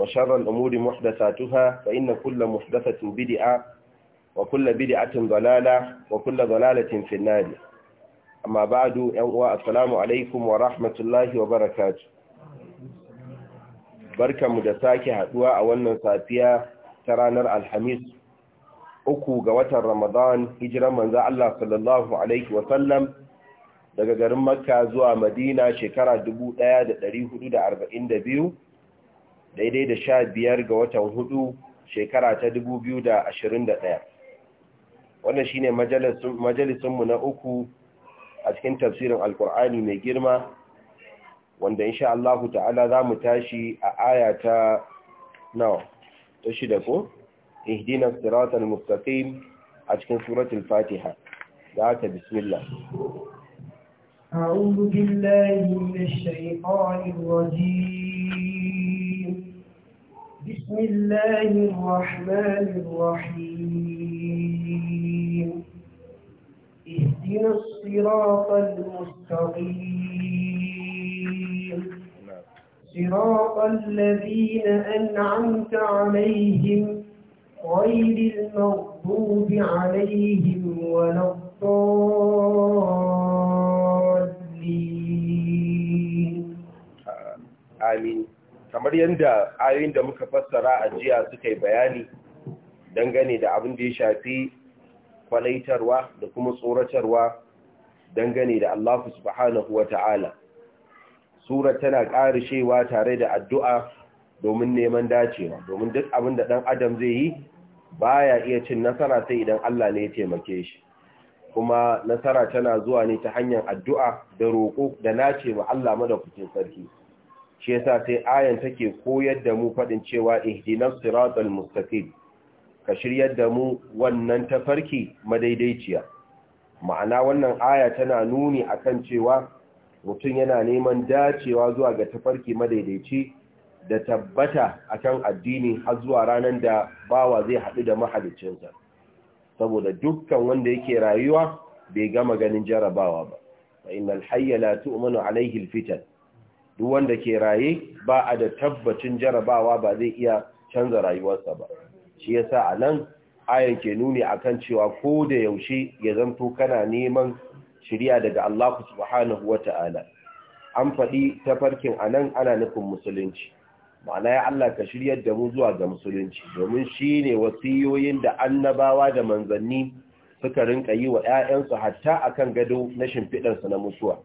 وشر الأمور محدثاتها فإن كل محدثة بدعة وكل بدعة ضلالة وكل ضلالة في النار أما بعد السلام عليكم ورحمة الله وبركاته barka mu da sake haɗuwa a wannan safiya ta ranar alhamis uku ga watan ramadan hijiran manza Allah sallallahu wa sallam daga garin makka zuwa madina shekara 1442 daidai da sha biyar ga watan hudu shekara ta dubu biyu da ashirin da ɗaya wannan shi ne majalisunmu na uku a cikin tafsirin alkur'ani mai girma wanda insha Allahu ta'ala za mu tashi a aya ta nawa ta shida ko ihdina siratal mustaqim a cikin suratul fatiha da aka bismillah أعوذ بالله من الشيطان الرجيم بسم الله الرحمن الرحيم اهدنا الصراط المستقيم صراط الذين أنعمت عليهم غير المغضوب عليهم ولا الضالين آمين kamar yadda ayoyin da muka fassara a jiya suka yi bayani dangane da abin da ya shafi kwalaitarwa da kuma tsoratarwa dangane da Allah subhanahu wa ta'ala. Sura tana ƙarishewa tare da addu'a domin neman dacewa, domin duk abin da ɗan Adam zai yi ba ya iya cin nasara sai idan Allah ne ya taimake shi. Kuma nasara tana zuwa ne ta hanyar addu'a da roƙo da nace wa Allah madaukakin sarki. shi yasa sai ayan take koyar da mu fadin cewa ihdinas siratal mustaqim ka shiryar da mu wannan tafarki madaidaiciya ma'ana wannan aya tana nuni akan cewa mutum yana neman dacewa zuwa ga tafarki madaidaici da tabbata akan addini har zuwa ranar da bawa zai haɗu da mahaliccinsa saboda dukkan wanda yake rayuwa bai gama ganin jarabawa ba fa innal hayya la tu'minu alayhi alfitan duk wanda ke raye ba a da tabbacin jarabawa ba zai iya canza rayuwarsa ba shi yasa a nan ayan ke nuni akan cewa ko da yaushe ya zanto kana neman shirya daga Allah subhanahu ta'ala. an faɗi ta farkin a nan ana nufin musulunci ma'ana ya Allah ka shiryar da mu zuwa ga musulunci domin shi ne wasiyoyin da annabawa da manzanni suka rinka yi wa ‘ya'yansu hatta a kan gado na shimfiɗarsu na mutuwa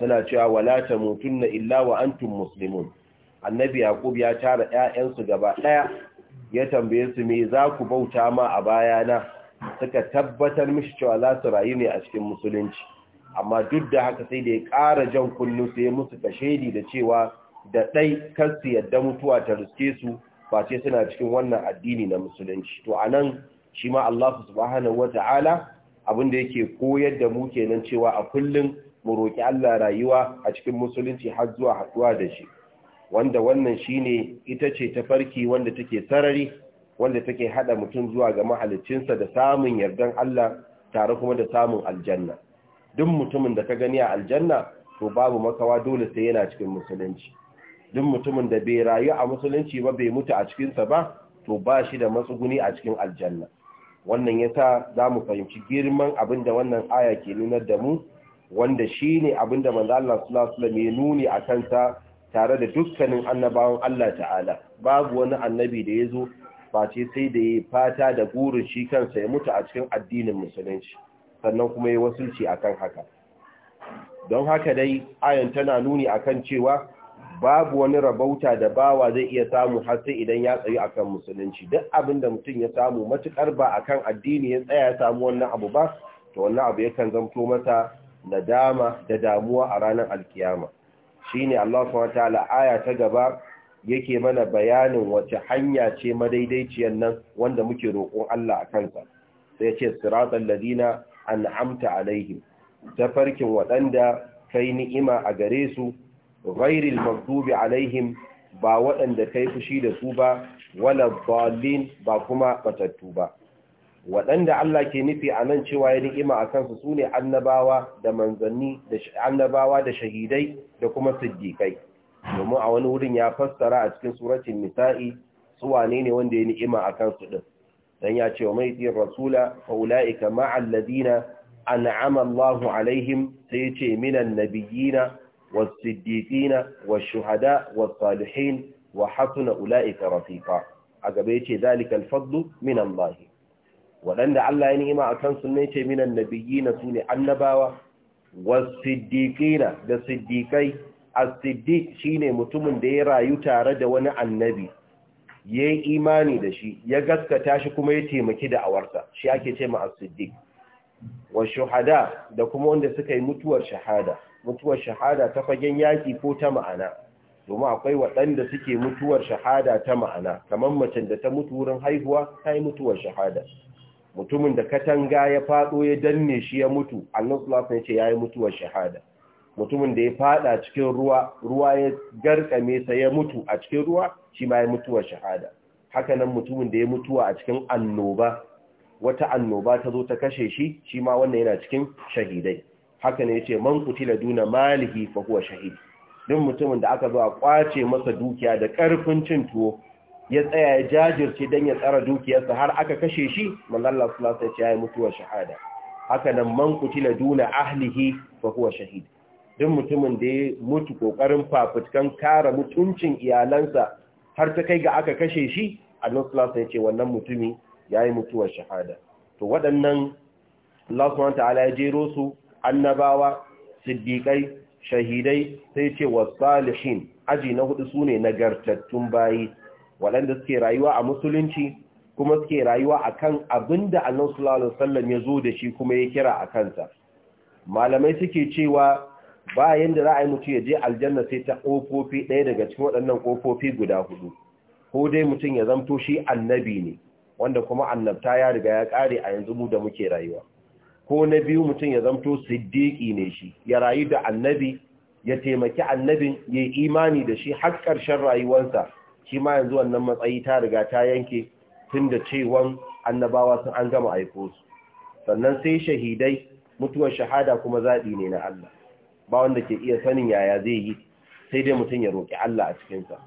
tana cewa wala na illa wa antum muslimun annabi yaqub ya tara 'ya'yansu gaba ɗaya ya tambaye su me za ku bauta ma a baya na? suka tabbatar mishi cewa za su rayu ne a cikin musulunci amma duk da haka sai da ya ƙara jan kullu sai ya musu kashedi da cewa da ɗai kar su yadda mutuwa ta riske su ba ce suna cikin wannan addini na musulunci to anan shi ma Allah subhanahu wata'ala abinda yake koyar da mu kenan cewa a kullum mu roƙi Allah rayuwa a cikin musulunci har zuwa haɗuwa da shi wanda wannan shine ita ce ta farki wanda take sarari wanda take hada mutum zuwa ga mahaliccinsa da samun yardan Allah tare kuma da samun aljanna duk mutumin da ka gani a aljanna to babu makawa dole sai yana cikin musulunci duk mutumin da bai rayu a musulunci ba bai mutu a cikinsa ba to ba shi da matsuguni a cikin aljanna wannan yasa za mu fahimci girman abin da wannan aya ke nunar da mu wanda shi ne abinda manzo Allah sallallahu alaihi wasallam ya nuni a kansa tare da dukkanin annabawan Allah ta'ala babu wani annabi da ya zo face sai da ya fata da burin shi kansa ya mutu a cikin addinin musulunci sannan kuma ya wasulci akan haka don haka dai ayan tana nuni akan cewa babu wani rabauta da bawa zai iya samu har sai idan ya tsayi akan musulunci duk abin da mutum ya samu matukar ba akan addini ya tsaya ya samu wannan abu ba to wannan abu yakan zamto masa nadama da damuwa a ranar alkiyama shine Allah subhanahu wataala aya ta gaba yake mana bayanin wace hanya ce madaidaiciyar nan wanda muke roƙon Allah a kansa sai ya ce siratal ladina an'amta alaihim tafarkin waɗanda kai ni'ima a gare su ghairil maghdubi alaihim ba waɗanda kai fushi da su ba wala dallin ba kuma batattu ba waɗanda Allah ke nufi a nan cewa ya ni'ima a kansu su ne annabawa da manzanni annabawa da shahidai da kuma siddiƙai domin a wani wurin ya fassara a cikin suracin nisa'i su wane ne wanda ya ni'ima a kansu din dan ya ce wa mai tsir rasula fa ulaika ma'al ladina an'ama Allahu alaihim sai ce minan nabiyina was-siddiqina wash-shuhada was-salihin wa hasuna ulaika rafiqa a gaba yace zalikal fadlu min Allah waɗanda Allah ya ni'ima a kansu ne ce minan nabiyina su ne annabawa wasiddiqina da siddiqai as-siddiq shine mutumin da ya rayu tare da wani annabi yayi imani da shi ya gaskata shi kuma ya taimaki da awarsa shi ake cewa as-siddiq wa shuhada da kuma wanda suka yi mutuwar shahada mutuwar shahada ta fagen yaki ko ta ma'ana domin akwai waɗanda suke mutuwar shahada ta ma'ana kamar macen da ta mutu wurin haihuwa ta yi mutuwar shahada mutumin da katanga ya fado ya danne shi ya mutu annabi sallallahu ya yi mutuwar shahada mutumin da ya faɗa cikin ruwa ruwa ya garkame sa ya mutu a cikin ruwa shi ma ya mutuwar shahada haka nan mutumin da ya mutuwa a cikin annoba wata annoba ta zo ta kashe shi shi ma wannan yana cikin shahidai haka ne yace man kutila duna malihi fa huwa shahid duk mutumin da aka zo a kwace masa dukiya da karfin cin tuwo ya tsaya ya jajirce don ya tsara dukiyarsa har aka kashe shi manzala sulasa ya ce ya yi mutuwar shahada haka nan man na duna ahlihi ba kuwa shahid duk mutumin da ya mutu kokarin fafutukan kare mutuncin iyalansa har ta kai ga aka kashe shi annabi sallallahu ya ce wannan mutumi yi mutuwar shahada to waɗannan Allah subhanahu ta'ala ya jero su annabawa siddiƙai shahidai sai ce salihin aji na hudu sune nagartattun bayi waɗanda suke rayuwa a musulunci kuma suke rayuwa akan abin da annabi sallallahu ya zo da shi kuma ya kira a kansa malamai suke cewa bayan da yi mutum ya je aljanna sai ta kofofi ɗaya daga cikin waɗannan kofofi guda hudu ko dai mutum ya zamto shi annabi ne wanda kuma annabta ya riga ya ƙare a yanzu mu da muke rayuwa ko na biyu mutum ya zamto siddiqi ne shi ya rayu da annabi ya taimaki annabin ya imani da shi har ƙarshen rayuwarsa shi ma yanzu wannan matsayi ta riga ta yanke tun da cewan annabawa sun an gama aiko su sannan sai shahidai mutuwar shahada kuma zaɓi ne na Allah ba wanda ke iya sanin yaya zai yi sai dai mutum ya roƙi Allah a cikinsa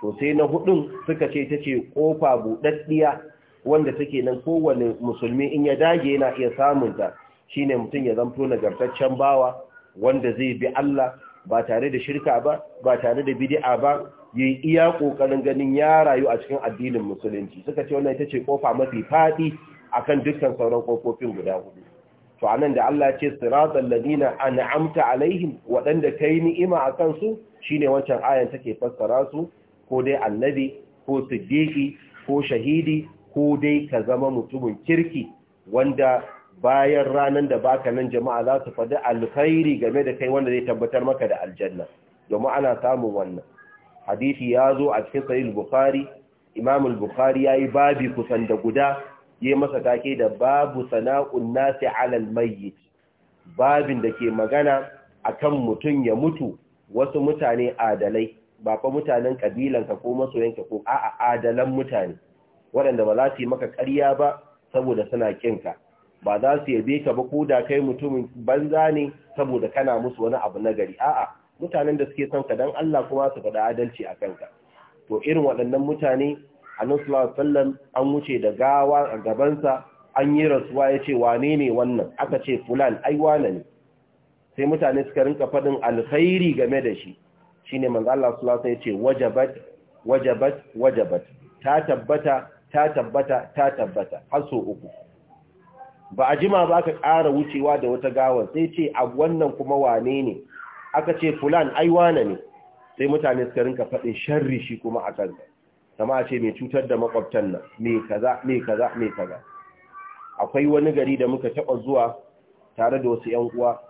to sai na hudun suka ce ta ce ƙofa buɗaɗɗiya wanda take nan kowane musulmi in ya dage yana iya samunta shine mutum ya zamto nagartaccen bawa wanda zai bi Allah ba tare da shirka ba ba tare da bid'a ba yi iya ƙoƙarin ganin ya rayu a cikin addinin musulunci suka ce wannan ita ce ƙofa mafi faɗi akan dukkan sauran ƙofofin guda hudu to anan da Allah ce siratal ladina an'amta alaihim waɗanda kai ni'ima a kansu shine wancan ayan take fassara su ko dai annabi ko siddiqi ko shahidi ko dai ka zama mutumin kirki wanda bayan ranar da baka nan jama'a za su faɗi alkhairi game da kai wanda zai tabbatar maka da aljanna domin ana samun wannan hadisi ya zo a cikin sahih bukhari imam al-bukhari yayi babi kusan da guda yayi masa take da babu sana'un nasi 'ala al-mayyit babin da ke magana akan mutun ya mutu wasu mutane adalai ba fa mutanen kabilanka ko masoyanka ko a'a adalan mutane waɗanda ba za su yi maka ƙarya ba saboda suna kinka ba za su yabe ka ba ko da kai mutumin banza ne saboda kana musu wani abu na gari a'a mutanen da suke son ka dan Allah kuma su faɗa adalci a kanka to irin waɗannan mutane annabi sallallahu alaihi wasallam an wuce da gawa a gabansa an yi rasuwa ya ce wane ne wannan aka ce fulan ai wane ne sai mutane suka rinka faɗin alkhairi game da shi shine manzo Allah sallallahu alaihi wasallam ya ce wajabat wajabat wajabat ta tabbata ta tabbata ta tabbata har so uku ba a jima ba ka ƙara wucewa da wata gawa sai ce a wannan kuma wane ne aka ce fulan aiwana ne sai mutane suka rinka faɗin sharri shi kuma a kanta kama a ce mai cutar da makwabtan nan mai kaza mai kaza mai kaza akwai wani gari da muka taɓa zuwa tare da wasu 'yan uwa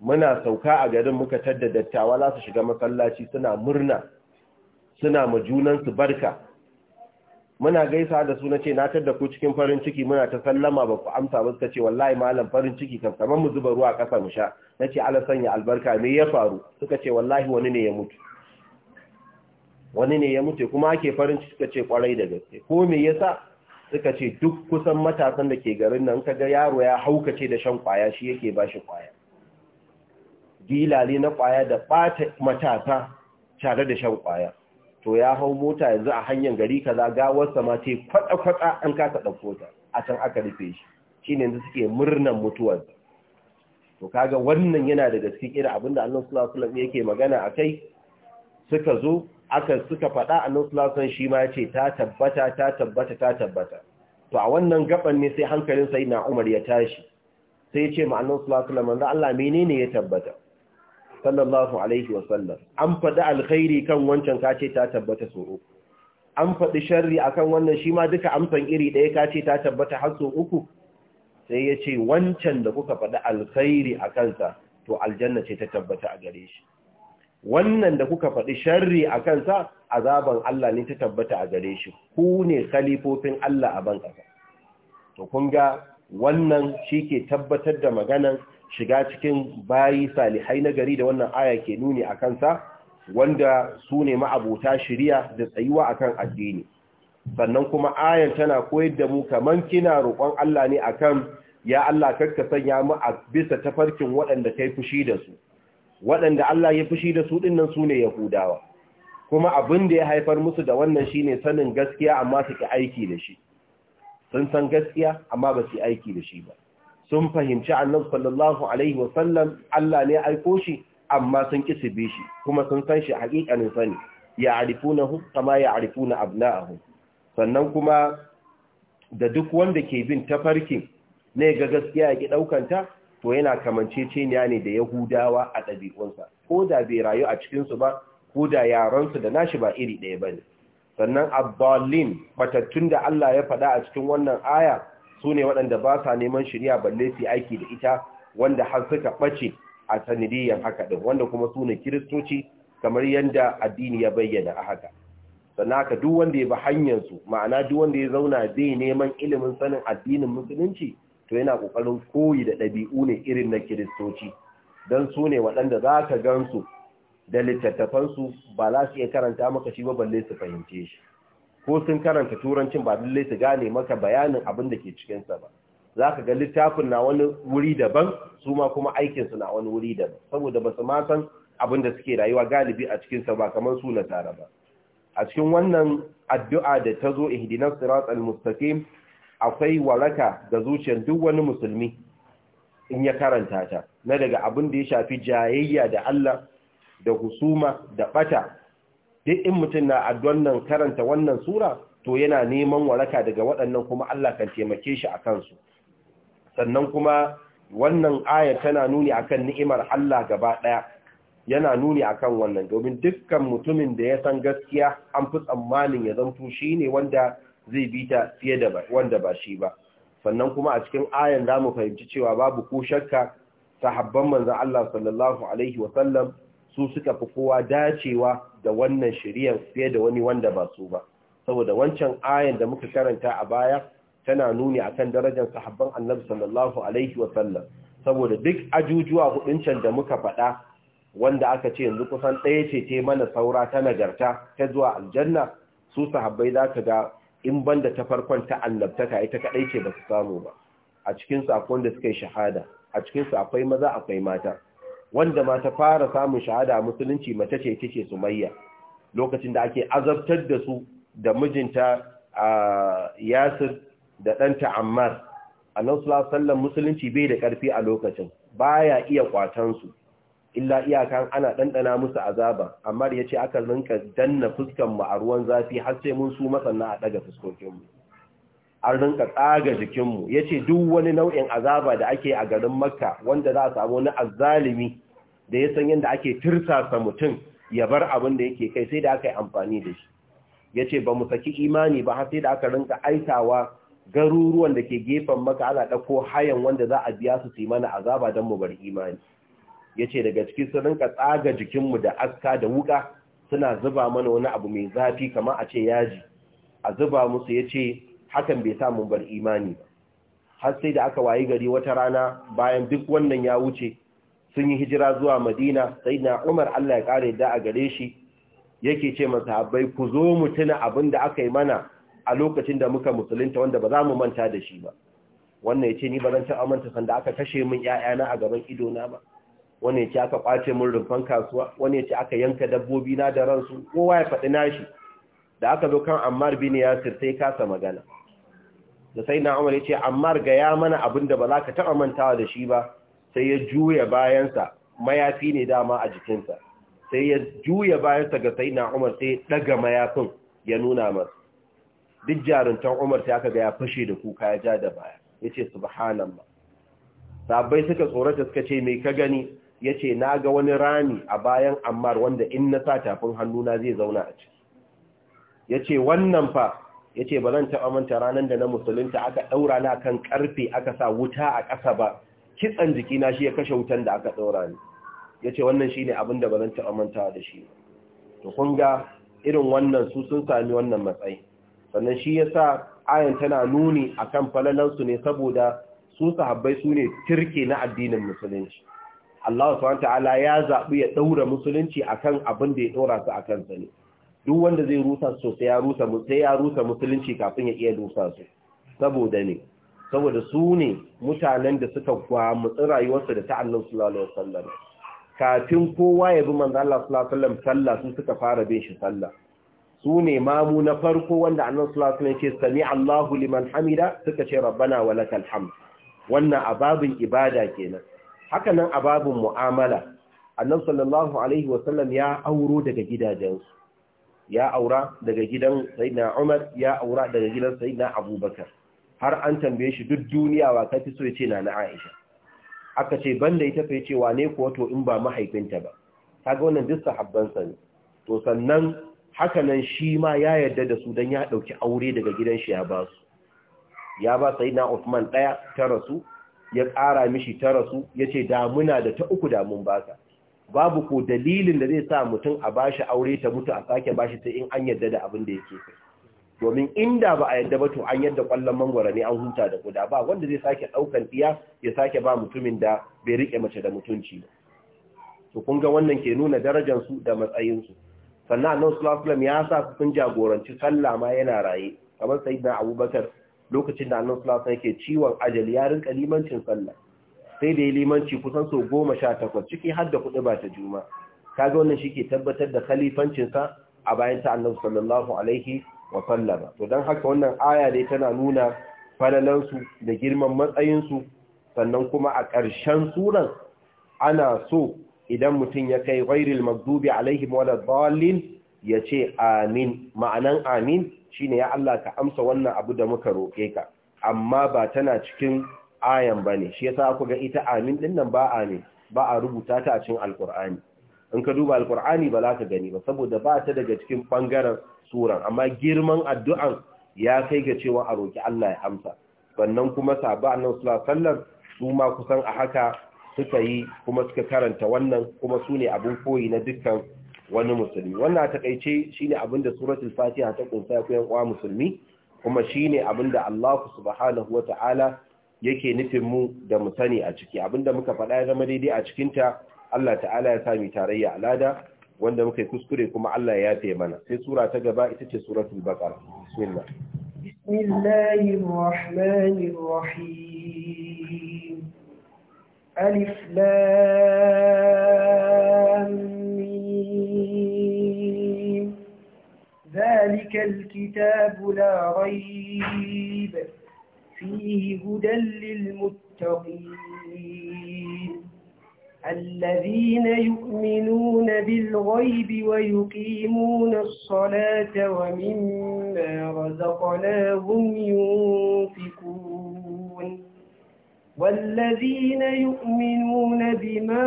muna sauka a garin muka tadda dattawa za su shiga masallaci suna murna suna ma junansu barka muna gaisa da su na ce na tadda ku cikin farin ciki muna ta sallama ba ku amsa ba suka ce wallahi malam farin ciki kam kamar mu zuba ruwa kasa mu sha nace ala sanya albarka me ya faru suka ce wallahi wani ne ya mutu wani ne ya mutu kuma ake farin ciki suka ce kwarai da gaske ko me yasa suka ce duk kusan matasan da ke garin nan ga yaro ya haukace da shan kwaya shi yake bashi kwaya gilali na kwaya da bata matasa tare da shan kwaya to ya hau mota yanzu a hanyar gari kaza gawarsa ma ce kwata-kwata an kasa ɗauko ta a can aka rufe shi shi ne yanzu suke murnan mutuwar to kaga wannan yana da gaske kira abin da annan sulasulam yake magana a kai suka zo aka suka faɗa annan sulasulam shi ma ce ta tabbata ta tabbata ta tabbata to a wannan gaban ne sai hankalin sai na umar ya tashi sai ya ce ma annan sulasulam manzo Allah menene ya tabbata sallallahu alaihi wasallam an faɗi alkhairi kan wancan kace ta tabbata so uku an faɗi sharri akan wannan shi ma duka amfan iri ɗaya kace ta tabbata har so uku sai ya ce wancan da kuka faɗi alkhairi a kansa to aljanna ce ta tabbata a gare shi wannan da kuka faɗi sharri a kansa azaban Allah ne ta tabbata a gare shi ku ne khalifofin Allah a ban ƙasa to kun ga wannan shi ke tabbatar da maganan shiga cikin bayi salihai na gari da wannan aya ke nuni a kansa wanda su ne ma'abuta shiriya da tsayuwa kan addini sannan kuma ayan tana koyar da mu kamar kina roƙon Allah ne akan ya Allah karka sanya mu a bisa tafarkin waɗanda yi fushi da su waɗanda Allah ya fushi da su ɗinnan su ne yahudawa kuma abin da ya haifar musu da wannan shi ne sanin gaskiya amma su ki aiki da shi sun san gaskiya amma ba su aiki da shi ba sun fahimci annabi sallallahu alaihi wasallam Allah ne aiko shi amma sun ki shi kuma sun san shi haƙiƙanin sani ya'rifunahu kama ya'rifuna abna'ahum sannan kuma da duk wanda ke bin tafarkin ne ga gaskiya ya ki ɗaukanta, to yana kamance kamanceceniya ne da yahudawa a ɗabi'unsa ko da bai rayu a cikinsu ba ko da yaransu da nashi ba iri ɗaya ba ne sannan abbalin matattun da Allah ya faɗa a cikin wannan aya su ne waɗanda ba sa neman shirya balle su aiki da ita wanda har suka ɓace a sanadiyyar haka ɗin wanda kuma su ne kiristoci kamar yadda addini ya bayyana a haka sannan haka duk wanda ya bi hanyarsu ma'ana duk wanda ya zauna zai neman ilimin sanin addinin musulunci to yana ƙoƙarin koyi da ɗabi'u ne irin na kiristoci don su ne waɗanda za ka gansu da littattafansu ba za su iya karanta maka shi ba balle su fahimce shi ko sun karanta turancin ba lallai su gane maka bayanin abin da ke cikinsa ba za ka ga littafin na wani wuri daban su ma kuma aikinsu na wani wuri daban saboda ba su ma san abin da suke rayuwa galibi a cikinsa ba kamar su na tare ba a cikin wannan addu'a da ta zo ihdinas siratal mustaqim akwai waraka ga zuciyar duk wani musulmi in ya karanta ta na daga abin da ya shafi jayayya da Allah da husuma da bata duk in mutum na addu'an nan karanta wannan sura to yana neman waraka daga waɗannan kuma Allah kan taimake shi a kansu sannan kuma wannan aya tana nuni akan ni'imar Allah gaba ɗaya yana nuni akan wannan domin dukkan mutumin da ya san gaskiya an fi tsammanin ya zanto shi ne wanda zai bi ta fiye da wanda ba shi ba sannan kuma a cikin ayan zamu fahimci cewa babu ko shakka sahabban manzon Allah sallallahu alaihi wa su suka fi kowa dacewa da wannan shiriyar fiye da wani wanda ba su ba saboda wancan ayan da muka karanta a baya tana nuni akan darajar sahabban annabi sallallahu alaihi wa saboda duk ajujuwa huduncan da muka faɗa wanda aka ce yanzu kusan ɗaya ce te mana saura ta nagarta ta zuwa aljanna su sahabbai za ka ga in banda ta farkon ta annabtaka ita kaɗai ce ba su samu ba a cikin akwai wanda suka yi shahada a cikin su akwai maza akwai mata wanda ma ta fara samun shahada a musulunci mace ce take sumayya lokacin da ake azabtar da su da mijinta a yasir da ɗanta ammar a su sulasallan musulunci bai da ƙarfi a lokacin baya iya kwatansu illa iyakan ana ɗanɗana musu azaba ammar ya ce aka rinka danna fuskanmu a ruwan zafi har sai mun su masanna a ɗaga fuskokinmu an rinka tsaga jikinmu ya ce duk wani nau'in azaba da ake a garin makka wanda za a samu wani azalimi da ya san yadda ake tirsasa mutum ya bar abin da yake kai sai da aka yi amfani da shi ya ce ba mu saki imani ba har sai da aka rinka aikawa garuruwan da ke gefen maka ana ɗauko hayan wanda za a biya su su mana azaba don mu bar imani ya ce daga ciki su rinka tsaga jikinmu da aska da wuka suna zuba mana wani abu mai zafi kamar a ce yaji a zuba musu ya ce hakan bai sa mun bar imani ba har sai da aka wayi gari wata rana bayan duk wannan ya wuce sun yi hijira zuwa madina sai na umar allah ya kare da a gare shi yake ce masa habbai ku zo mu tuna abin da aka yi mana a lokacin da muka musulunta wanda ba za mu manta da shi ba wannan ya ce ni ba zan taɓa manta sanda aka kashe min ‘ya'yana a gaban idona ba wannan ya ce aka kwace min rumfan kasuwa wannan ya ce aka yanka dabbobi na da ransu kowa ya faɗi nashi da aka zo kan ammar bin yasir sai kasa magana da sai na umar ya ce amma ga ya mana abin da ba za ka taɓa mantawa da shi ba sai ya juya bayansa mayafi ne dama a jikinsa sai ya juya bayansa ga sai na umar sai ɗaga mayafin ya nuna masu. duk jaruntan umar sai aka gaya fashe da kuka ya ja da baya ya ce ba Sabai suka tsorata suka ce mai ka gani ya ce na ga wani rami a bayan ammar wanda in na sa tafin hannuna zai zauna a ciki ya ce wannan fa Ya ce ba zan taɓa manta ranar da na musulunta aka ɗaura na kan ƙarfe aka sa wuta a ƙasa ba kitsan jikina shi ya kashe wutan da aka ɗaura ni ce wannan shi ne abin da ba zan taɓa manta da shi to kun ga irin wannan su sun sami wannan matsayi sannan shi ya sa ayan tana nuni akan falalansu ne saboda su sahabbai su ne turke na addinin musulunci Allah subhanahu wa ta'ala ya zaɓi ya ɗaura musulunci akan abin da ya ɗaura su akan sa ne duk wanda zai rusa su sai ya rusa sai ya rusa musulunci kafin ya iya rusa su saboda ne saboda su ne mutanen da suka gwamutsi rayuwarsu da ta Allah sallallahu alaihi wasallam kafin kowa ya bi manzo Allah sallallahu alaihi wasallam sallah su suka fara bin shi sallah su ne mamu na farko wanda Allah sallallahu alaihi wasallam ce sami Allahu liman hamida suka ce rabbana walakal hamd wannan ababin ibada kenan haka nan ababin mu'amala Annabi sallallahu alaihi wasallam ya auro daga gidajensu ya aura daga gidan sayyidina Umar ya aura daga gidan sayyidina Abubakar har an tambaye shi duk duniya wa kafi so yace na Aisha aka ce banda ita fa yace wane ko to in ba mahaifinta ba kaga wannan duk sahabban sa ne to sannan haka nan shi ma ya yarda da su dan ya dauki aure daga gidan shi ya ba su ya ba sayyidina Uthman daya ta rasu ya ƙara mishi ta rasu yace da muna da ta uku da mun baka babu ko dalilin da zai sa mutum a bashi aure ta mutu a sake bashi sai in an yadda da abin da yake kai domin inda ba a yadda ba to an yadda kwallon mangwara ne an huta da guda ba wanda zai sake daukan iya ya sake ba mutumin da bai rike mace da mutunci ba to kun ga wannan ke nuna darajar su da matsayin su sannan annabi sallallahu alaihi wasallam ya sa su sun jagoranci sallah ma yana raye kamar sayyidina abubakar lokacin da annabi sallallahu alaihi wasallam yake ciwon ajali ya rinka limancin sallah sai da ya limanci kusan sau goma sha takwas ciki har da kuɗi ba ta juma kaga wannan shi ke tabbatar da khalifancinsa a bayan ta annabi sallallahu alaihi wa sallama to don haka wannan aya dai tana nuna falalansu da girman matsayinsu sannan kuma a ƙarshen suran ana so idan mutum ya kai ghairil maghdubi alaihim waladdallin ya ce amin ma'anan amin shi ne ya Allah ka amsa wannan abu da muka roƙe ka amma ba tana cikin ayan ba ne shi yasa ku ga ita amin din nan ba ne, ba a rubuta ta a cikin alqur'ani in ka duba alqur'ani ba za ka gani ba saboda ba ta daga cikin bangaren suran amma girman addu'an ya kai ga cewa a roki Allah ya amsa bannan kuma sahaba annabi sallallahu alaihi su ma kusan a haka suka yi kuma suka karanta wannan kuma su ne abin koyi na dukkan wani musulmi wannan a takaice shine abin da suratul fatiha ta ƙunsa ku yan uwa musulmi kuma shine abin da Allah subhanahu wataala yake nufin mu da mu sani a ciki abinda muka faɗa ya zama daidai a cikinta Allah ta'ala ya sami tarayya alada wanda muka yi kuskure kuma Allah ya yafe mana sai sura ta gaba ita ce suratul baqara bismillah bismillahir rahmanir rahim alif lam mim ذلك الكتاب لا ريب فيه هدى للمتقين الذين يؤمنون بالغيب ويقيمون الصلاة ومما رزقناهم ينفقون والذين يؤمنون بما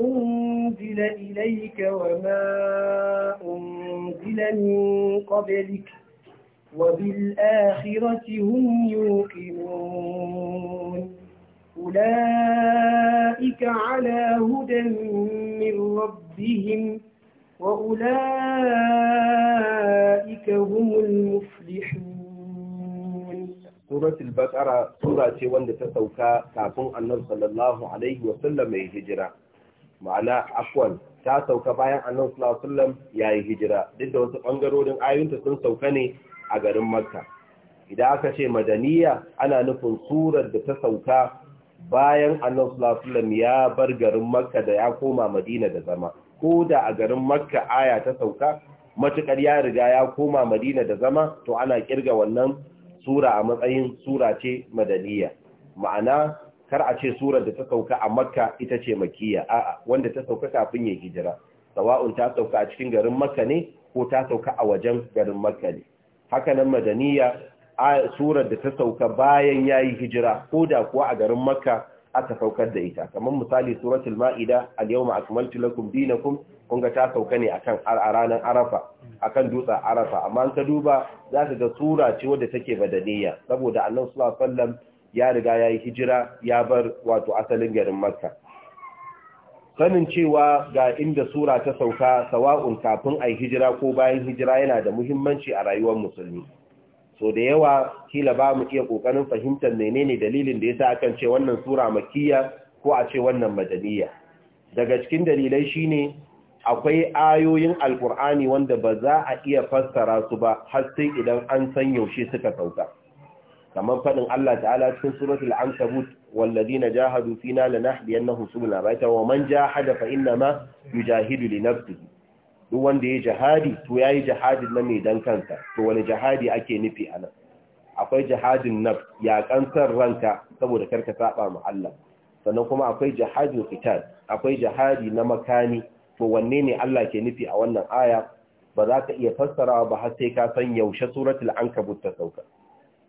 أنزل إليك وما أنزل من قبلك وبالآخرة هم يوقنون أولئك على هدى من ربهم وأولئك هم المفلحون سورة البقرة سورة وند تسوكا كافون النبي صلى الله عليه وسلم يهجرا معنى عفوا ta sauka bayan annan sallallahu alaihi wasallam yayi hijira duk da wasu bangarorin ayoyinta sun sauka ne a garin makka idan aka ce madaniya ana nufin surar da ta sauka bayan annan ya bar garin makka da ya koma madina da zama ko da a garin makka aya ta sauka matukar ya riga ya koma madina da zama to ana kirga wannan sura a matsayin sura ce madaniya ma'ana kar a ce surar da ta sauka a makka ita ce makiya a'a wanda ta sauka kafin ya hijira sawa'un ta sauka a cikin garin makka ne ko ta sauka a wajen garin makka ne Hakanan nan madaniya a surar da ta sauka bayan yayi hijira ko da kuwa a garin makka aka saukar da ita kamar misali suratul ma'ida al-yawma akmaltu lakum dinakum kun ga ta sauka ne akan ranar arafa akan dutsen arafa amma an ka duba za ka ga sura ce wadda take badaniya saboda annabi sallallahu alaihi wasallam ya riga yayi hijira ya bar wato asalin garin makka sanin cewa ga inda sura ta sauka sawa'un kafin a hijira ko bayan hijira yana da muhimmanci a rayuwar musulmi so da yawa kila ba mu iya kokarin fahimtar menene dalilin da yasa akan ce wannan sura makkiya ko a ce wannan madaniya daga cikin dalilai shine akwai ayoyin alkur'ani wanda ba za a iya fassara su ba har sai idan an san yaushe suka sauka kamar faɗin Allah ta'ala cikin suratul ankabut والذين جاهدوا فينا لنهدينهم سبلنا بايتا ومن جاهد فإنما يجاهد لنفسه duk wanda ya jihadi to yayi jihadin na mai dan kanka to wani jihadi ake nufi anan akwai jihadin naf ya kansar ranka saboda karka saba ma Allah sannan kuma akwai jihadin qital akwai jihadi na makani to wanne ne Allah ke nufi a wannan aya ba za ka iya fassarawa ba har sai ka san yaushe suratul ankabut ta sauka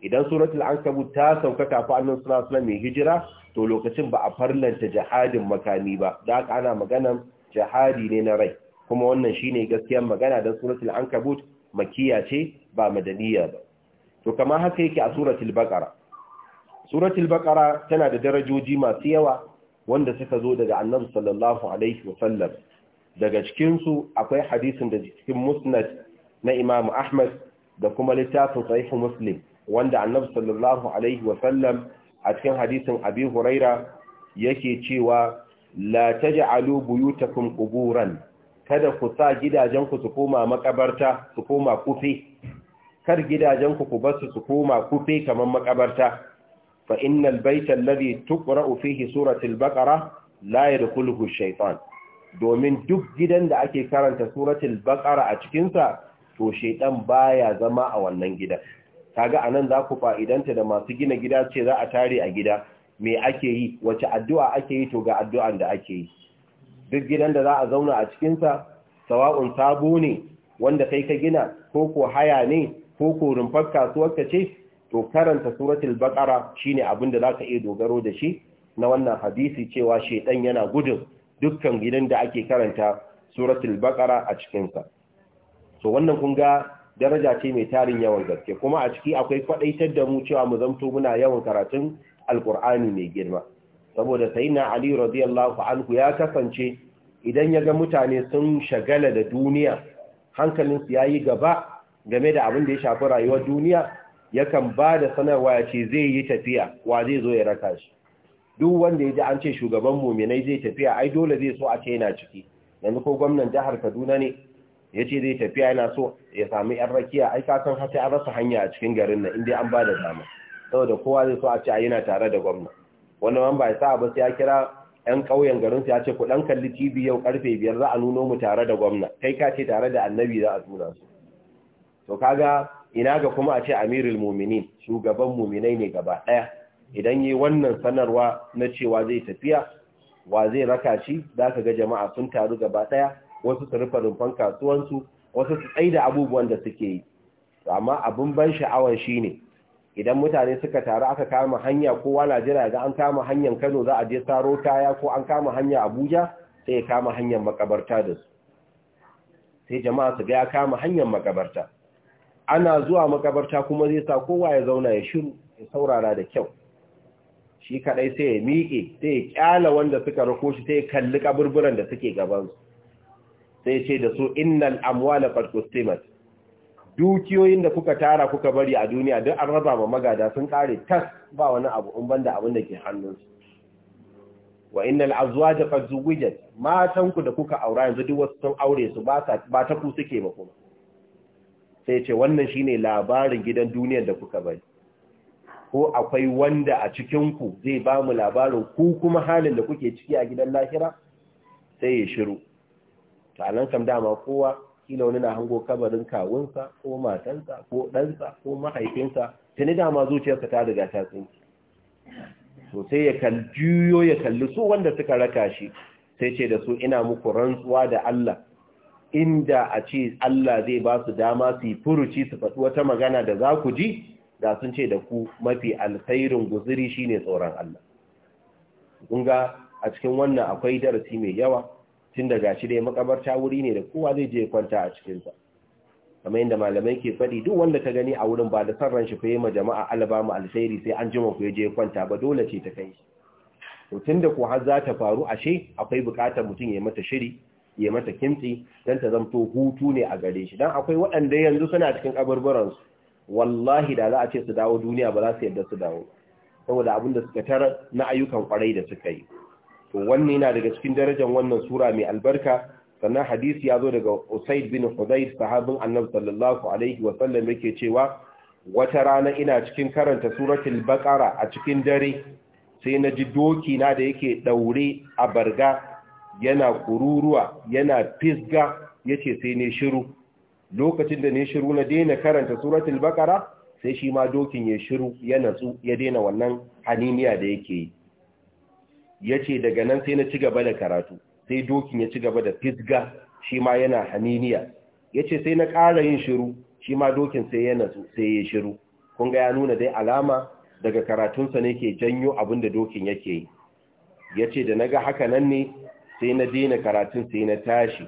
idan suratul ankabut ta sauka kafin annabi sallallahu alaihi wasallam mai hijira to lokacin ba a farlanta jihadin makami ba da haka ana maganan jihadi ne na rai kuma wannan shine gaskiyar magana dan suratul ankabut makiya ce ba madaniya ba to kamar haka yake a suratul baqara suratul baqara tana da darajoji masu yawa wanda suka zo daga annabi sallallahu alaihi wasallam daga cikin su akwai hadisin da cikin musnad na imamu ahmad da kuma littafin sahih muslim wanda annabi sallallahu alaihi wasallam a cikin hadisin abi huraira yake cewa la taj'alu buyutakum quburan kada ku sa gidajenku su koma makabarta su koma kufe kar gidajenku ku basu su koma kufe kamar makabarta fa innal baita alladhi tuqra'u fihi suratul baqara la yadkhuluhu shaytan domin duk gidan da ake karanta suratul baqara a cikin sa to shaytan baya zama a wannan gidan kaga anan za ku fa'idanta da masu gina gida ce za a tare a gida me ake yi wace addu'a ake yi to ga addu'an da ake yi duk gidan da za a zauna a cikinsa sawa'un sabo ne wanda kai ka gina ko ko haya ne ko ko rumfar kasuwar ka ce to karanta suratul baqara shine abin da zaka iya dogaro da shi na wannan hadisi cewa shedan yana gudun dukkan gidan da ake karanta suratul baqara a cikinsa To wannan kun ga daraja ce mai tarin yawan gaske kuma a ciki akwai kwadaitar da mu cewa mu zamto muna yawan karatun alkur'ani mai girma saboda sayyidina ali radiyallahu anhu ya kasance idan ya ga mutane sun shagala da duniya hankalin su yayi gaba game da abin da ya shafi rayuwar duniya yakan ba da sanarwa ya ce zai yi tafiya wa zai zo ya raka shi duk wanda ya ji an ce shugaban muminai zai tafiya ai dole zai so a ce yana ciki yanzu ko gwamnan jihar Kaduna ne ya ce zai tafiya yana so ya sami yan rakiya ai kasan hasi an rasa hanya a cikin garin nan inda an ba da dama saboda kowa zai so a ce a yana tare da gwamna wani man ba sa ba sai ya kira yan ƙauyen garin sai ya ce ku dan kalli TV yau karfe biyar za a nuno mu tare da gwamna kai ka ce tare da annabi za a tura su to kaga ina ga kuma a ce amirul muminin shugaban muminai ne gaba ɗaya idan yi wannan sanarwa na cewa zai tafiya wa zai raka shi za ka ga jama'a sun taru gaba ɗaya wasu su rufe rumfan kasuwansu wasu su tsaida abubuwan da suke yi amma abin ban sha'awar shine idan mutane suka taru aka kama hanya kowa na jira ga an kama hanyar Kano za a je saro kaya ko an kama hanya Abuja sai ya kama hanyar makabarta da su sai jama'a su ga ya kama hanyar makabarta ana zuwa makabarta kuma zai sa kowa ya zauna ya shiru ya saurara da kyau shi kadai sai ya miƙe sai ya kyala wanda suka rako shi sai ya kalli kaburburan da suke gabansu sai ce da su innal amwala qad qustimat dukiyoyin da kuka tara kuka bari a duniya duk an raba ma magada sun kare tas ba wani abu in banda abin da ke hannunsu wa innal azwaja qad zuwijat matan ku da kuka aura yanzu duk wasu sun aure su ba ta ba ta ku suke ba kuma sai ce wannan shine labarin gidan duniyar da kuka bari ko akwai wanda a cikin ku zai ba mu labarin ku kuma halin da kuke ciki a gidan lahira sai ya shiru to kam dama kowa kila wani na hango kabarin kawunsa ko matansa ko ɗansa ko mahaifinsa tuni dama zuciyarsa ta riga ta tsinki to sai ya kal juyo ya kalli su wanda suka raka shi sai ce da su ina muku rantsuwa da Allah inda a ce Allah zai ba su dama su yi furuci su faɗi wata magana da za ku ji da sun ce da ku mafi alkhairin guziri shine tsoron Allah kun ga a cikin wannan akwai darasi mai yawa tun da gashi dai makabarta wuri ne da kowa zai je kwanta a cikinsa kamar yadda malamai ke faɗi duk wanda ka gani a wurin ba da san ran shi fa ma jama'a alaba mu alkhairi sai an jima ku je kwanta ba dole ce ta kai shi to da ko har za ta faru ashe akwai bukatar mutum ya mata shiri ya mata kimtsi dan ta zamto hutu ne a gare shi dan akwai waɗanda yanzu suna cikin kaburburan su wallahi da za a ce su dawo duniya ba za su yarda su dawo saboda abin da suka tarar na ayyukan kwarai da suka yi to wanne yana daga cikin darajar wannan sura mai albarka sannan hadisi ya zo daga Usaid bin Hudayr sahabin Annabi sallallahu alaihi wa sallam yake cewa wata rana ina cikin karanta suratul baqara a cikin dare sai na ji doki na da yake daure a barga yana kururuwa yana fisga yace sai ne shiru lokacin da ne shiru na daina karanta suratul baqara sai shi ma dokin ya shiru ya natsu ya daina wannan hanimiya da yake yi ya ce daga nan sai na ci gaba da karatu sai dokin ya ci gaba da fisga shi ma yana haniniya ya ce sai na ƙara yin shiru shi ma dokin sai ya sai ya shiru kun ga ya nuna dai alama daga karatunsa ne ke janyo abin da dokin yake yi ya ce da na ga haka nan ne sai na daina karatun sai na tashi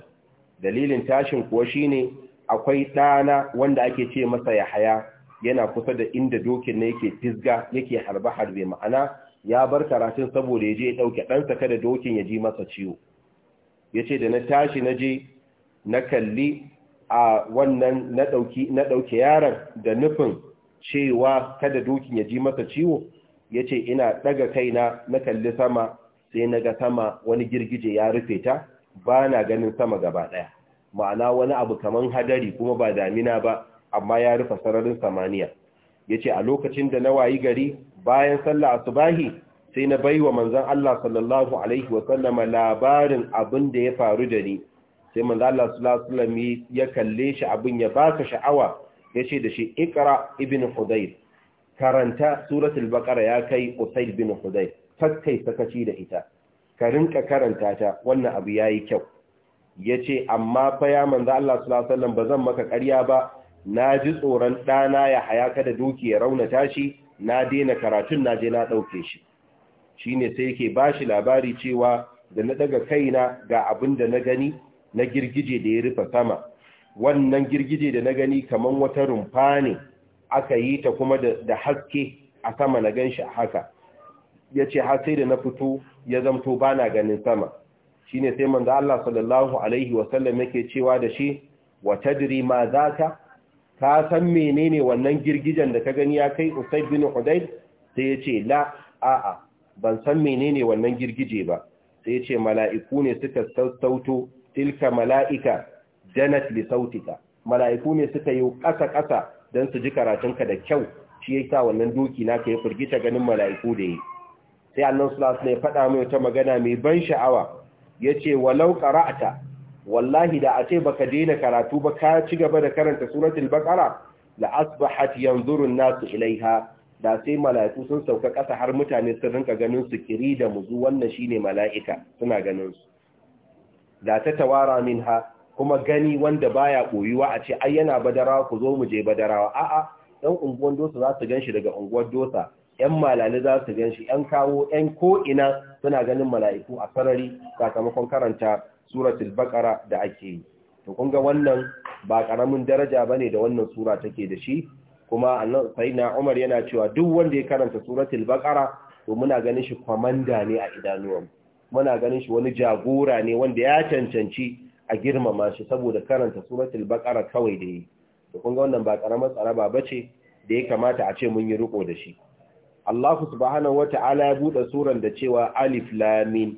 dalilin tashin kuwa shine akwai ɗana wanda ake ce masa ya haya yana kusa da inda dokin ne yake fisga yake harbe-harbe ma'ana ya bar karatun saboda ya je ya ɗauke ɗansa kada dokin ya ji masa ciwo ya ce da na tashi na je na kalli a wannan na ɗauke yaran, da nufin cewa kada dokin ya ji masa ciwo ya ce ina ɗaga kaina na kalli sama sai na ga sama wani girgije ya rufe ta ba na ganin sama gaba ɗaya ma'ana wani abu kamar hadari kuma ba damina ba amma ya rufe sararin samaniya yace a lokacin da na wayi gari bayan sallah asubahi sai na baiwa manzan Allah sallallahu alaihi wa sallama labarin abin da ya faru da ni sai manzon Allah sallallahu alaihi ya kalle shi abin ya baka sha'awa yace da shi iqra ibn hudayr karanta suratul baqara ya kai usayd bin hudayr fakkai sakaci da ita ka rinka karanta ta wannan abu yayi kyau yace amma fa ya manzo Allah sallallahu alaihi wasallam bazan maka ƙarya ba na ji tsoron ɗana ya hayaka da doki ya raunata shi na daina karatun na je na ɗauke shi shi ne sai yake ba shi labari cewa da na daga kaina ga abin da na gani na girgije da ya rufe sama wannan girgije da na gani kamar wata rumfa ne aka yi ta kuma da haske a sama na gan shi haka ya ce har sai da na fito ya zamto ba na ganin sama shi ne sai manzo Allah sallallahu Alaihi wasallam yake cewa da shi wa tadri ma za ka san menene wannan girgijen da ka gani ya kai usaid bin Hudayd sai ya ce la a'a ban san menene wannan girgije ba sai ya ce mala'iku ne suka sautauto tilka mala'ika janat li sautika mala'iku ne suka yi ƙasa kasa don su ji karatunka da kyau shi ya sa wannan doki na ka yi firgita ganin mala'iku da yi sai alaihi wasallam ya faɗa mai ta magana mai ban sha'awa yace ce walau qara'ata wallahi da a ce ba ka daina karatu ba ka ci gaba da karanta suratul baqara la asbahat yanzuru an-nasu ilaiha da sai mala'iku sun sauka ƙasa har mutane sun rinka ganin su kiri da muzu wannan shine mala'ika suna ganin su da ta tawara minha kuma gani wanda baya koyuwa a ce ai yana badarawa ku zo mu je badarawa a'a ɗan unguwan dosa za su ganshi daga unguwar dosa ‘yan malali za su ganshi. shi, ‘yan kawo, ‘yan ina suna ganin mala'iku a sarari sakamakon karanta suratul baqara da ake yi to kun ga wannan ba karamin daraja bane da wannan sura take da shi kuma annab sayyidina Umar yana cewa duk wanda ya karanta suratul baqara to muna ganin shi komanda ne a idanuwan muna ganin shi wani jagora ne wanda ya cancanci a girmama shi saboda karanta suratul baqara kawai da yi to kun ga wannan ba tsara, tsaraba bace da ya kamata a ce mun yi riko da shi Allah subhanahu wata'ala ya buɗe suran da cewa alif lamin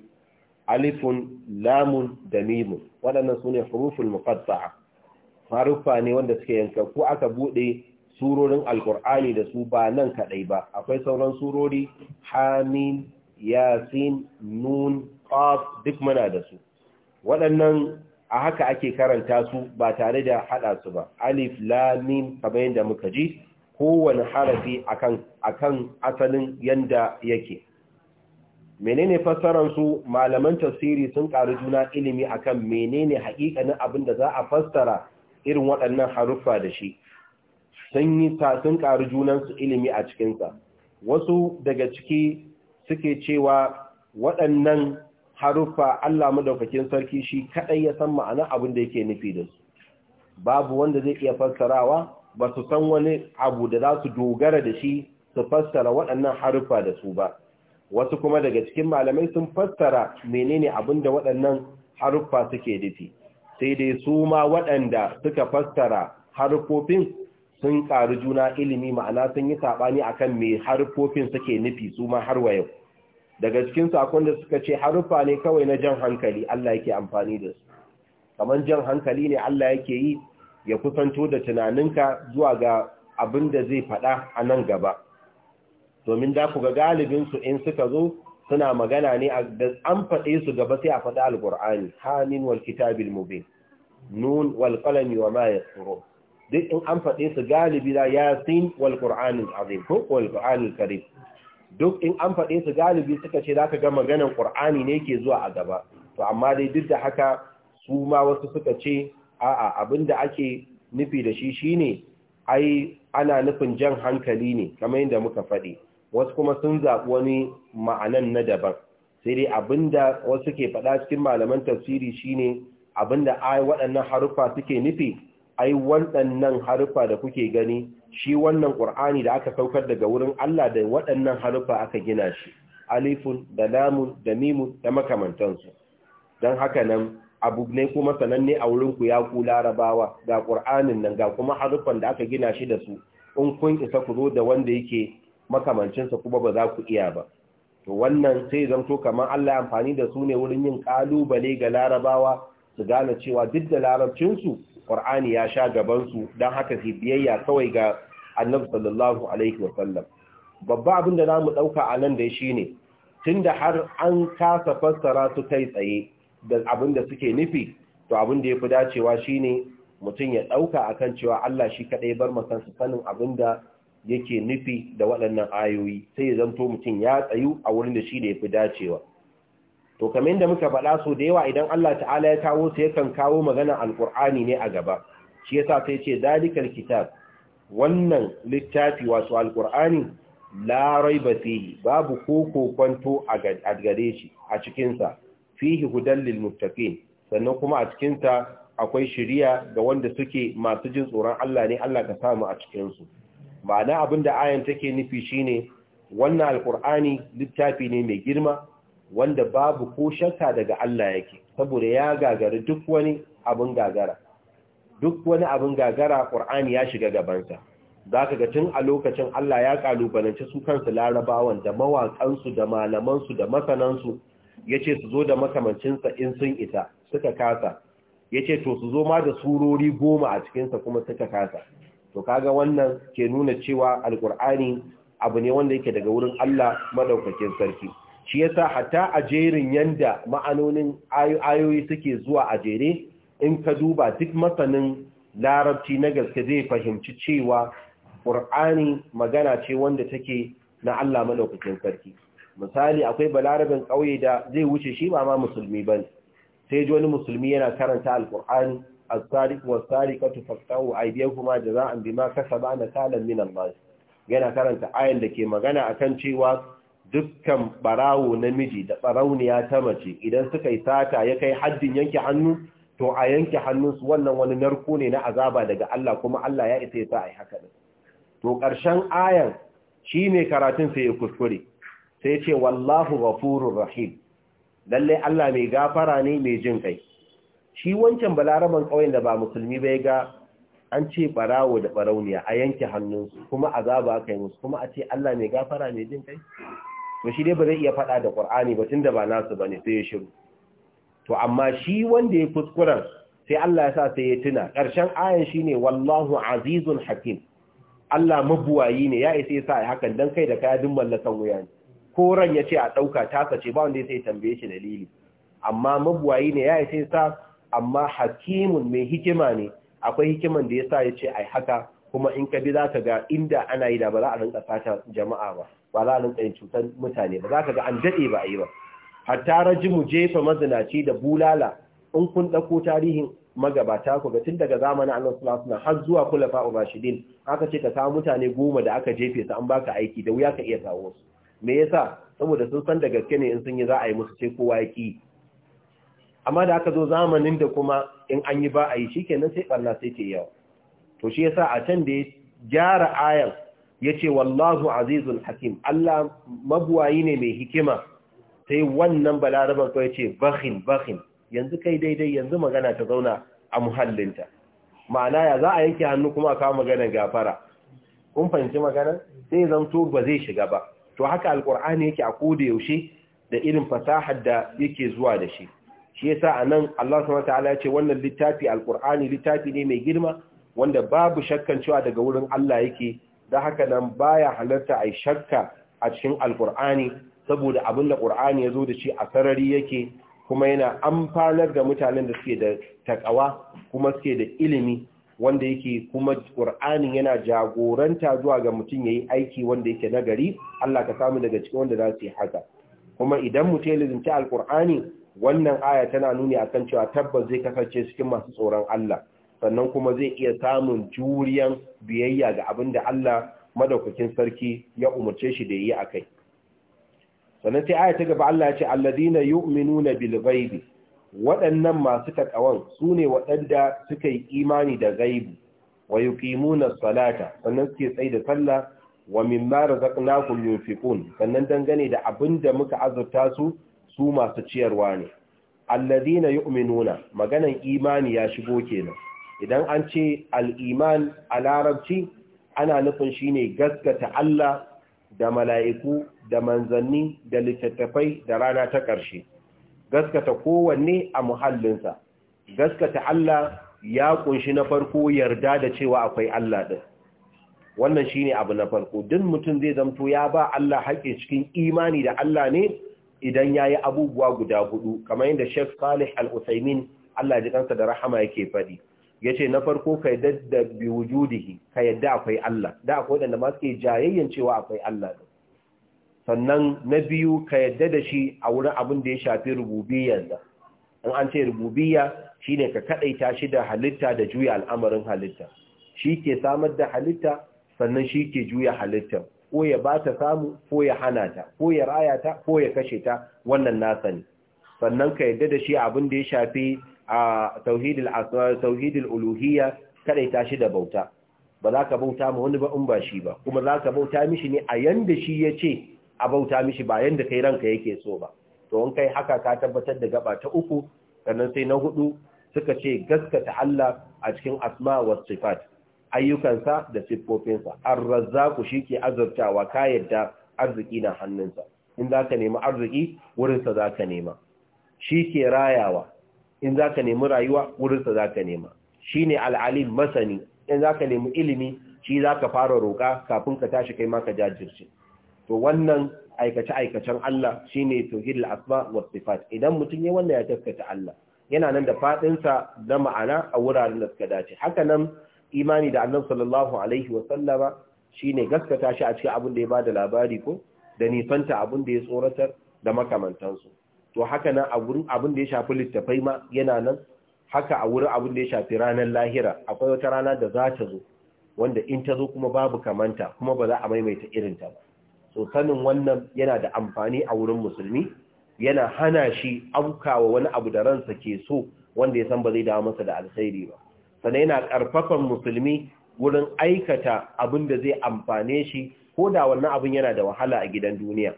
alifun lamun da mimun waɗannan su ne huruful muqatta'a harufa ne wanda suke yanka ko aka bude surorin alkur'ani da su ba nan kadai ba akwai sauran surori hamim yasin nun qaf duk muna da su waɗannan a haka ake karanta su ba tare da hada su ba alif lam mim kamar yadda muka ji kowane harafi akan akan asalin yanda yake menene fassarar su malaman tafsiri sun karu juna ilimi akan menene haƙiƙanin abin da za a fassara irin waɗannan haruffa da shi sun yi sun karu junansu ilimi a cikinsa wasu daga ciki suke cewa waɗannan haruffa Allah madaukakin sarki shi kadai ya san ma'anar abin da yake nufi da su babu wanda zai iya fassarawa ba su san wani abu da za su dogara da shi su fassara waɗannan haruffa da su ba wasu kuma daga cikin malamai sun fassara menene da waɗannan haruffa suke nufi sai dai su ma waɗanda suka fassara haruffofin sun ƙaru juna ilimi ma'ana sun yi saɓani a kan me haruffofin suke nufi su ma har wa daga cikin sakon da suka ce haruffa ne kawai na jan hankali Allah yake amfani da su kamar jan hankali ne Allah yake yi ya kusanto da tunaninka zuwa ga abin da zai faɗa a nan gaba domin da ku ga galibinsu in suka zo suna magana ne da an faɗe su gaba sai a faɗa alƙur'ani hanin wal kitabil mubin nun wal qalami wa ma yasturun duk in an faɗe su galibi da yasin wal qur'anil azim ko wal qur'anil karim duk in an faɗe su galibi suka ce zaka ga maganan qur'ani ne ke zuwa a gaba to amma dai duk da haka su ma wasu suka ce a'a abinda ake nufi da shi shine ai ana nufin jan hankali ne kamar yadda muka faɗi wasu kuma sun zaɓi wani ma'anan na daban sai dai abinda wasu ke faɗa cikin malaman tafsiri shine abinda ai waɗannan harufa suke nufi ai waɗannan harufa da kuke gani shi wannan ƙur'ani da aka saukar daga wurin Allah da waɗannan harufa aka gina shi alifun da lamun da mimu da makamantansu don haka nan abu ne kuma sananne a wurinku ya ku larabawa ga ƙur'anin nan ga kuma harufan da aka gina shi da su in kun isa ku zo da wanda yake makamancinsa kuma ba za ku iya ba to wannan sai zamto kamar Allah amfani da su ne wurin yin kalubale ga larabawa su gane cewa duk da larabcinsu ƙur'ani ya sha gaban su dan haka su biyayya kawai ga annabi sallallahu alaihi wasallam babba abin da zamu mu ɗauka a nan da shi ne tun har an kasa fassara su kai tsaye da abin da suke nufi to abin da ya dacewa shi ne mutum ya ɗauka a kan cewa Allah shi kaɗai bar masa sanin abin da yake nufi da waɗannan ayoyi sai ya zanto mutum ya tsayu a wurin da shi da ya fi dacewa to kamar da muka faɗa so da yawa idan Allah ta'ala ya kawo sai yakan kawo magana alkur'ani ne a gaba shi ya sa sai ce dalikar kitab wannan littafi wato alkur'ani larai ba fihi babu koko kwanto a gare shi a cikinsa fihi hudan sannan kuma a cikin akwai shirya ga wanda suke masu jin tsoron Allah ne Allah ka samu a cikinsu. ma'ana abin da ayan take nufi shine wannan alkur'ani littafi ne mai girma wanda babu ko shakka daga Allah yake saboda ya gagari duk wani abin gagara duk wani abin gagara qur'ani ya shiga gabansa zaka ga tun a lokacin Allah ya kalubalanci su kansu larabawan da mawakan su da malaman su da masanan su yace su zo da makamancin sa in sun ita suka kasa yace to su zo ma da surori goma a cikin sa kuma suka kasa to kaga wannan ke nuna cewa alkur'ani abu ne wanda yake daga wurin Allah madaukakin sarki shi yasa hatta a jerin yanda ma'anonin ayoyi suke zuwa a jere in ka duba duk masanin larabci na gaske zai fahimci cewa ƙur'ani magana ce wanda take na Allah madaukakin sarki misali akwai balarabin ƙauye da zai wuce shi ba ma musulmi ba sai ji wani musulmi yana karanta alƙur'ani as-sariq was-sariqatu za aydiyahuma jazaa'an bima kasaba nakalan min Allah yana karanta ayan da ke magana akan cewa dukkan barawo namiji da barauniya ta mace idan suka yi sata ya kai haddin yanke hannu to a yanke hannunsu wannan wani narko ne na azaba daga Allah kuma Allah ya isa ya sa a yi haka din to ƙarshen ayan shi ne karatun sai ya kuskure sai ce wallahu ghafurur rahim lalle Allah mai gafara ne mai jin kai shi wancan balaraban kauyen da ba musulmi bai ga an ce barawo da barauniya a yanke hannunsu kuma azaba aka yi musu kuma a ce Allah mai gafara mai jin kai to shi dai ba zai iya faɗa da Qur'ani ba tunda ba nasu bane sai ya shiru to amma shi wanda ya kuskuren sai Allah ya sa sai ya tuna ƙarshen ayan shine wallahu azizun hakim Allah mabuwayi ne ya isa ya sa hakan dan kai da kaya duk mallakan wuya ne ko ran ya ce a ɗauka ta ce ba wanda ya sai tambaye shi dalili amma mabuwayi ne ya isa ya sa amma hakimun mai hikima ne akwai hikiman da ya sa yasa yace ai haka kuma in ka bi zaka ga inda ana yi da ba za a rinka sata jama'a ba ba za a rinka yin cutar mutane ba Za ka ga an dade ba a yi ba hatta raji mu jefa mazinaci da bulala in kun ɗauko tarihin magabata ku ga tun daga zamanin Allah sallallahu alaihi har zuwa kulafa ubashidin aka ce ka samu mutane goma da aka jefe su an baka aiki da wuya ka iya kawo su me yasa saboda sun san da gaske ne in sun yi za a yi musu ce kowa ya amma da aka zo zamanin da kuma in an yi ba a yi shi kenan sai ɓarna sai ta yawa to shi yasa a can da ya gyara ayan ya ce wallahu azizul hakim Allah mabuwayi ne mai hikima sai wannan balaraban kawai ce bakin bakin yanzu kai daidai yanzu magana ta zauna a muhallinta ma'ana ya za a yanke hannu kuma a kawo maganar gafara kun fahimci magana sai zanto ba zai shiga ba to haka alkur'ani yake a koda yaushe da irin fasahar da yake zuwa da shi shi yasa anan Allah subhanahu wataala ya ce wannan littafi alqur'ani littafi ne mai girma wanda babu shakkan cewa daga wurin Allah yake da haka nan baya halarta ai shakka a cikin alqur'ani saboda abin da ya zo da shi a sarari yake kuma yana amfanar da mutanen da suke da takawa kuma suke da ilimi wanda yake kuma ƙur'ani yana jagoranta zuwa ga mutum yayi aiki wanda yake nagari Allah ka samu daga cikin wanda za su yi haka kuma idan mutum ya lizinci alqur'ani wannan aya tana nuni kan cewa tabbas zai kasance cikin masu tsoron Allah sannan kuma zai iya samun juriyan biyayya ga abin da Allah madaukakin sarki ya umarce shi da yi a kai. sannan sai aya ta gaba Allah ya ce alladina yu'minuna bil ghaibi waɗannan masu takawan ne waɗanda suka yi imani da ghaibi wa yuqimuna salata sannan suke tsayi da sallah wa mimma razaqnahum yunfiqun sannan dangane da abin da muka azurta su su masu ciyarwa ne alladina yu'minuna maganan imani ya shigo kenan idan an ce al-iman a larabci ana nufin shine gaskata Allah da mala'iku da manzanni da littattafai da rana ta ƙarshe gaskata kowanne a muhallinsa gaskata Allah ya kunshi na farko yarda da cewa akwai Allah din wannan shine abu na farko duk mutum zai zamto ya ba Allah haƙƙi cikin imani da Allah ne idan ya yi abubuwa guda hudu kamar yadda Sheikh Salih al Allah ji kansa da rahama yake faɗi Ya ce na farko yadda da bi wujudihi ka yadda akwai Allah da akwai waɗanda masu ke jayayyan cewa akwai Allah sannan na biyu ka yadda da shi a wurin abin da ya shafi da. in an ce rububiyya shine ka kadaita shi da halitta da juya al'amarin halitta shi ke samar da halitta sannan shi ke juya halitta ko ya ba ta samu ko ya hana ta ko ya raya ta ko ya kashe ta wannan nasa ne sannan ka yadda da shi abin da ya shafi a tauhidul tauhidul uluhiyya kada ta shi da bauta ba za ka bauta ma wani ba in ba shi ba kuma za ka bauta mishi ne a yanda shi ya ce a bauta mishi ba yanda kai ranka yake so ba to in kai haka ka tabbatar da gaba ta uku sannan sai na hudu suka ce gaskata Allah a cikin asma wa sifat ayyukansa da siffofinsa arrazzaku shike azurtawa ka da arziki na hannunsa in za ka nemi arziki wurinsa za ka nema shike rayawa in za ka nemi rayuwa wurinsa za ka nema Shi ne al'alim masani in za ka nemi ilimi shi za ka fara roƙa, kafin ka tashi kai maka jajirci jajirce to wannan aikace aikacen Allah shine tauhidul asma idan mutum ya wannan ya taskata Allah yana nan da faɗinsa da ma'ana a wuraren da suka dace haka nan imani da annabi sallallahu alaihi wa sallama shine gaskata shi a cikin abin da ya bada labari ko da nisanta abin da ya tsoratar da makamantansu to haka nan a wurin abin da ya shafi littafai ma yana nan haka a wurin abin da ya shafi ranar lahira akwai wata rana da za ta zo wanda in ta zo kuma babu kamanta kuma ba za a maimaita irinta ba so sanin wannan yana da amfani a wurin musulmi yana hana shi aukawa wani abu da ransa ke so wanda ya san ba zai dawo masa da alkhairi ba sannan yana ƙarfafan musulmi wurin aikata abin da zai amfane shi ko da wannan abin yana da wahala a gidan duniya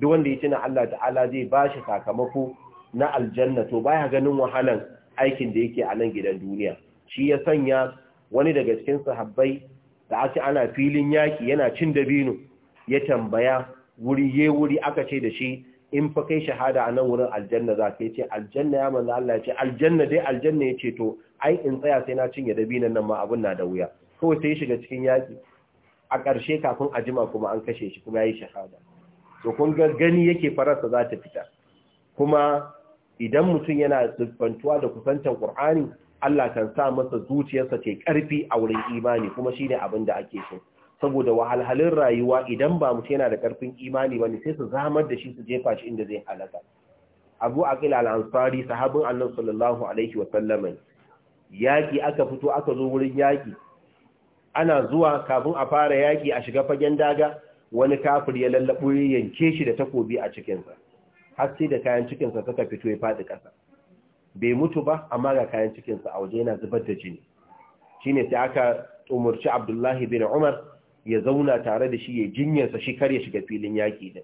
duk wanda ya tuna Allah ta'ala zai ba shi sakamako na aljanna to baya ganin wahalan aikin da yake a nan gidan duniya shi ya sanya wani daga cikin sahabbai da aka ana filin yaki yana cin dabino ya tambaya wuri ye wuri aka ce da shi in fa kai shahada a nan wurin aljanna za ka ce aljanna ya manzo Allah ya ce aljanna dai aljanna ya ce to ai in tsaya sai na cinye dabinan nan ma abun na da wuya kawai sai shiga cikin yaki a ƙarshe kafin a jima kuma an kashe shi kuma ya yi shahada to kun ga gani yake fararsa za ta fita kuma idan mutum yana siffantuwa da kusantar Qur'ani Allah kan sa masa zuciyarsa ce karfi a wurin imani kuma shine abin da ake so saboda wahalhalin rayuwa idan ba mutum yana da ƙarfin imani ba ne sai su zamar da shi su jefa shi inda zai halaka abu aqil al-ansari sahabin annabi sallallahu alaihi wa sallam yaki aka fito aka zo wurin yaki ana zuwa kafin a fara yaki a shiga fagen daga wani kafir ya lallabo ya yanke shi da takobi a cikin sa har sai da kayan cikin sa suka fito ya fadi kasa bai mutu ba amma ga kayan cikin sa a waje yana zubar da jini shine sai aka umurci Abdullahi bin Umar ya zauna tare da shi ya jinyarsa shi kar ya shiga filin yaƙi din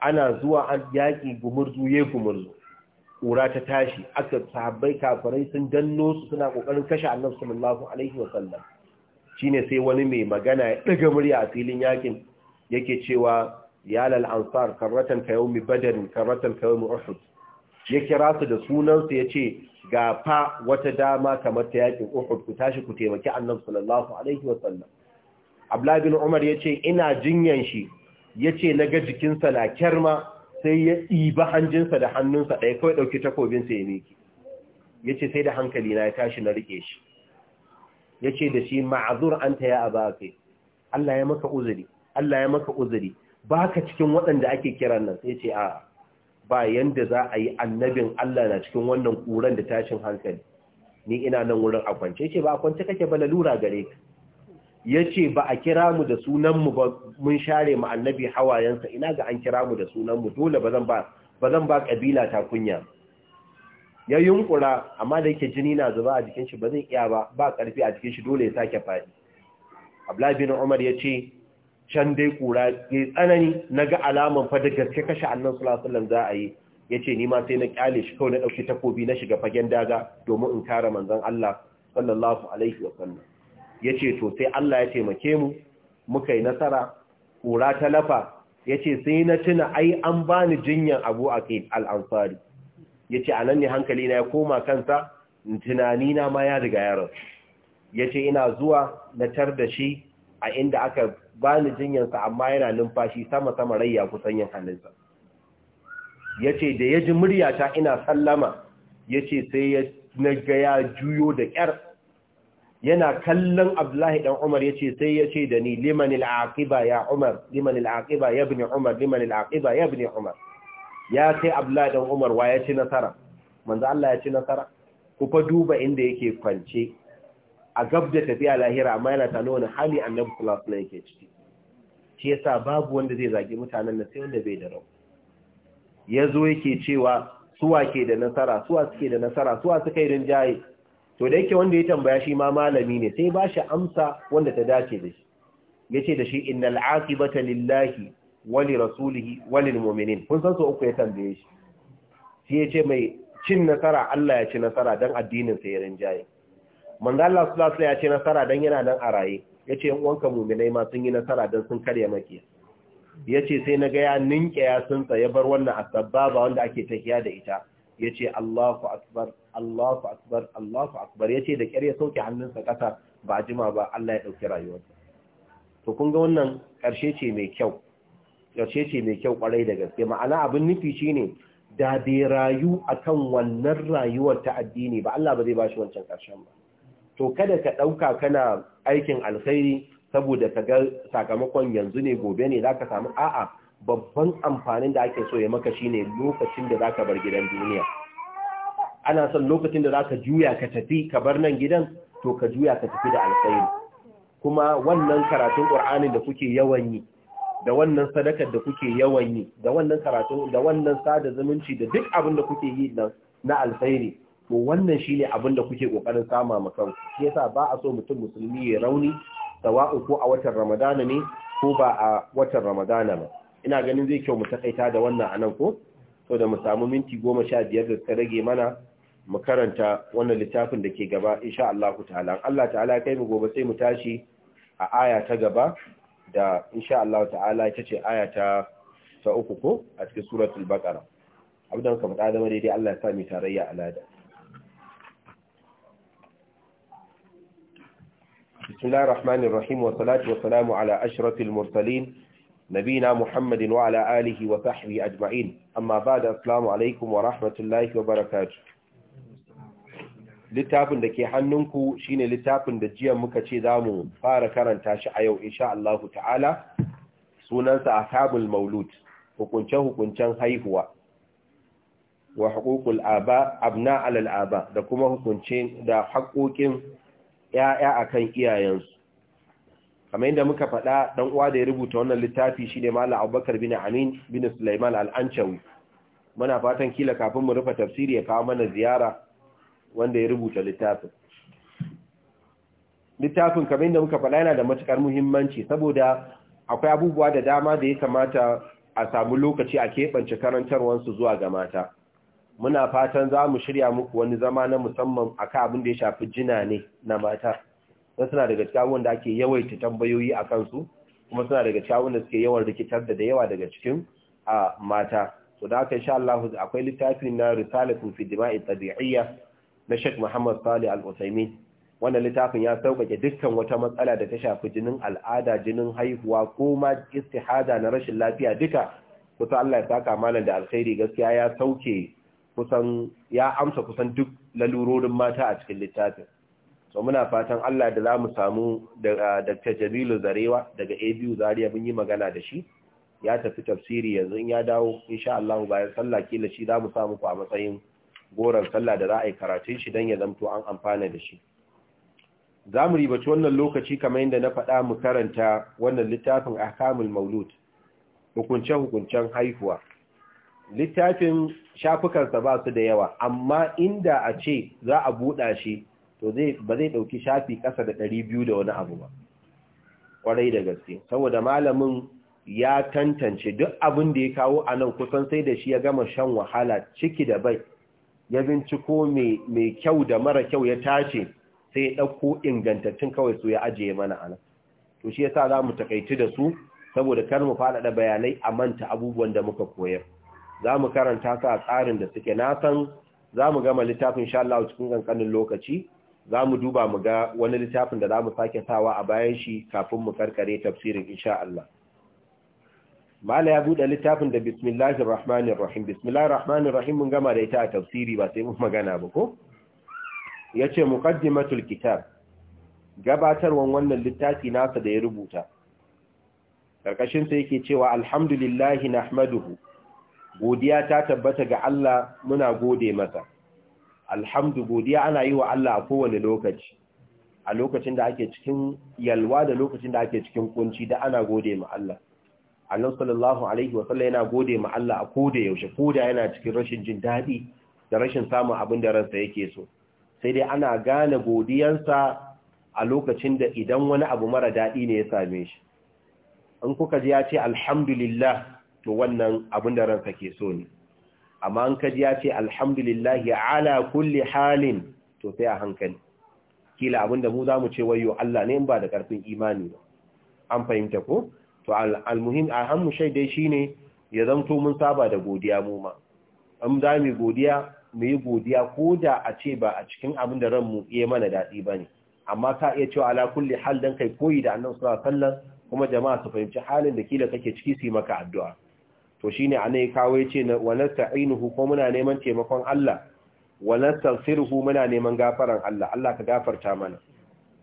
ana zuwa an yaƙi gumurzu ya gumurzu ƙura ta tashi aka sahabbai kafirai sun danno su suna ƙoƙarin kashe annabi sallallahu alaihi wa sallam shine sai wani mai magana ya ɗaga murya a filin yaƙin yake cewa ya lal ansar karratan ka yawmi badr karratan ka yawmi uhud ya kira su da sunan su ce, ga fa wata dama kamar ta yaƙin uhud ku tashi ku taimaki annabi sallallahu alaihi wa sallam Ablabin Umar ya ce, Ina jinyan shi, ya ce na ga jikinsa na kyarma sai ya ɗiba hanjinsa da hannunsa ɗaya kawai ɗauki takobinsa ya miki. Ya ce, Sai da hankali na ya tashi na riƙe shi. Ya ce da shi, Ma'azur an ta ya a kai, Allah ya maka uzuri, Allah ya maka uzuri, ba ka cikin waɗanda ake kiran nan sai ce, A, ba yanda za a yi annabin Allah na cikin wannan ƙuran da tashin hankali. Ni ina nan wurin a kwance, ce ba a kwance kake ba lalura gare ka. ya ce ba a kira mu da sunanmu ba mun share mu annabi hawayensa ina ga an kira mu da sunanmu dole ba zan ba kabila ƙabila ta kunya ya yunkura amma da yake jini na zuba a jikin shi ba zai iya ba ba ƙarfi a jikin shi dole ya sake faɗi abdullahi bin umar ya ce can dai kura ya tsanani na ga alaman fa da gaske kashe annan sulasulan za a yi ya ce ni ma sai na kyale shi kawai na ɗauki takobi na shiga fagen daga domin in kare manzon Allah sallallahu alaihi wasallam ya ce to sai Allah ya taimake mu muka yi nasara kura ta lafa ya ce sai na tuna ai an ba ni jinyan abu a al'amfari ya ce a nan ne hankali na ya koma kansa tunani na ma ya riga yaron ya ce ina zuwa na tar da shi a inda aka ba ni jinyansa amma yana numfashi sama-sama rai ya kusan yin halinsa ya ce da ya ji muryata ina sallama ya ce sai ya na ga ya juyo da ƙyar yana kallon abdullahi dan umar yace sai yace da ni limanil aqiba ya umar limanil aqiba ya ibn umar limanil aqiba ya ibn umar ya kai abdullahi dan umar wa ya ci nasara manzo Allah ya ci nasara ku fa duba inda yake kwance a gabda da tafiya lahira amma yana tano nuna hali annabi sallallahu alaihi wasallam yake ciki shi yasa babu wanda zai zage mutanen nan sai wanda bai da rau yazo yake cewa suwa ke da nasara suwa suke da nasara suwa suka yi rinjaye to da yake wanda ya tambaya shi ma malami ne sai ba shi amsa wanda ta dace da shi yace da shi innal aqibata lillahi wa li rasulihi wa mu'minin kun san su uku ya tambaye shi sai yace mai cin nasara Allah ya ci nasara dan addinin sa ya rinjaye manzo Allah sallallahu alaihi ya ci nasara dan yana nan a raye yace ce uwanka mu'minai ma sun yi nasara dan sun karya maki yace sai na ga ya ninke ya sun ya bar wannan asbaba wanda ake tafiya da ita ya Allahu akbar Allahu akbar Allahu akbar Yace da kyar ya sauke hannunsa ƙasa ba a jima ba Allah ya ɗauki rayuwarsa to kun ga wannan ƙarshe ce mai kyau ƙarshe ce mai kyau ƙwarai da gaske ma'ana abin nufi shine da bai rayu akan wannan rayuwar ta addini ba Allah ba zai bashi wancan ƙarshen ba to kada ka ɗauka kana aikin alkhairi saboda ka ga sakamakon yanzu ne gobe ne za ka samu a'a babban amfanin da ake so ya maka shine lokacin da zaka bar gidan duniya ana son lokacin da za ka juya ka tafi ka bar nan gidan to ka juya ka tafi da alkhairi kuma wannan karatun ƙur'ani da kuke yawan yi da wannan sadakar da kuke yawan yi da wannan karatun da wannan sada zumunci da duk abin da kuke yi nan na alkhairi to wannan shine abin da kuke kokarin sama ma kanku shi yasa ba a so mutum musulmi ya rauni sawa'u ko a watan Ramadana ne ko ba a watan Ramadana ba ina ganin zai kyau mu takaita da wannan anan ko so da mu samu minti goma sha biyar da suka rage mana mu karanta wannan littafin da ke gaba insha Allah ta'ala Allah ta'ala kai mu gobe sai mu tashi a aya ta gaba da insha Allah ta'ala ita ce aya ta ta uku ko a cikin suratul baqara abdan ka faɗa zama daidai Allah ya sa mu tarayya alada بسم الله الرحمن الرحيم والصلاة والسلام على أشرف المرسلين نبينا محمد وعلى آله وصحبه أجمعين أما بعد السلام عليكم ورحمة الله وبركاته littafin da ke hannunku shine littafin da jiya muka ce zamu fara karanta shi a yau insha Allahu ta'ala sunansa ashabul maulud hukunce-hukuncen haihuwa wa haƙoƙul aba abna alal aba da kuma hukuncin da haƙoƙin ‘ya'ya a kan iyayensu kamar yadda muka faɗa ɗan uwa da ya rubuta wannan littafi ne Malam Abubakar bin Amin bin Sulaiman Al-Anchawi muna fatan kila kafin mu rufe tafsiri ya kawo mana ziyara wanda ya rubuta littafin littafin kamar yadda muka faɗa yana da matuƙar muhimmanci saboda akwai abubuwa da dama da ya kamata a samu lokaci a keɓance karantarwansu zuwa ga mata muna fatan za mu shirya muku wani zama na musamman akan abin da ya shafi jina ne na mata don suna daga cikin da ake yawaita tambayoyi a kansu kuma suna daga cikin da suke yawan rikitar da yawa daga cikin a mata to da aka insha Allah akwai littafin na risalatu fi dima'i tabi'iyya na Sheikh Muhammad Salih Al-Uthaymeen wannan littafin ya sauƙaƙe dukkan wata matsala da ta shafi jinin al'ada jinin haihuwa ko ma istihada na rashin lafiya duka kusa Allah ya saka malam da alkhairi gaskiya ya sauke kusan ya amsa kusan duk lalurorin mata a cikin littafin so muna fatan Allah da za mu samu da Dr. Jamilu Zarewa daga ABU Zaria mun yi magana da shi ya tafi tafsiri yanzu in ya dawo insha Allah bayan sallah kila shi za mu sa muku a matsayin goran sallah da za a yi karatun shi dan ya zamto an amfana da shi za mu ribaci wannan lokaci kamar yadda na faɗa mu karanta wannan littafin ahkamul maulud hukunce hukuncen haihuwa littafin shafukansa ba su da yawa amma inda a ce za a buɗa shi to zai ba zai dauki shafi kasa da 200 da wani abu ba kwarai da gaske saboda malamin ya tantance duk abin da ya kawo anan kusan sai da shi ya gama shan wahala ciki da bai ya binciko mai kyau da mara kyau ya tace sai ya ɗauko ingantattun kawai su ya ajiye mana anan to shi yasa za mu takaitu da su saboda kar mu faɗaɗa bayanai a manta abubuwan da muka koyar za mu karanta su a tsarin da suke na san za mu gama littafin insha Allah cikin kankanin lokaci za mu duba mu ga wani littafin da za mu sake sawa a bayan shi kafin mu karkare tafsirin insha Allah. Mala ya buɗe littafin da bismillahir rahmanir rahim bismillahir rahmanir rahim mun gama da ita a tafsiri ba sai mun magana ba ko yace muqaddimatul kitab gabatarwan wannan littafi nasa da ya rubuta karkashin sa yake cewa alhamdulillahi nahmaduhu godiya ta tabbata ga Allah muna gode masa alhamdu godiya ana yi wa Allah a kowane lokaci a lokacin da ake cikin yalwa da lokacin da ake cikin kunci da ana gode ma Allah Allah sallallahu alaihi wa sallam yana gode ma Allah a koda yaushe koda yana cikin rashin jin daɗi da rashin samun abin da ransa yake so sai dai ana gane godiyansa a lokacin da idan wani abu mara daɗi ne ya same shi in kuka ji ya ce alhamdulillah to wannan abin da ransa ke so ne amma an kaji ya ce alhamdulillahi ala kulli halin to sai a hankali kila abinda mu za ce wayo Allah ne ba da ƙarfin imani ba an fahimta ko to almuhim a hannu shaidai shine ya zamto mun saba da godiya mu ma an za mu godiya mu yi godiya ko da a ce ba a cikin abinda ran mu iya mana daɗi ba ne amma ka iya cewa ala kulli hal dan kai koyi da annabi sallallahu alaihi wasallam kuma jama'a su fahimci halin da kila kake ciki su yi maka addu'a to shine ne kawo yace wa ainihu, ko muna neman taimakon Allah wa nastaghfiruhu muna neman gafaran Allah Allah ka gafarta mana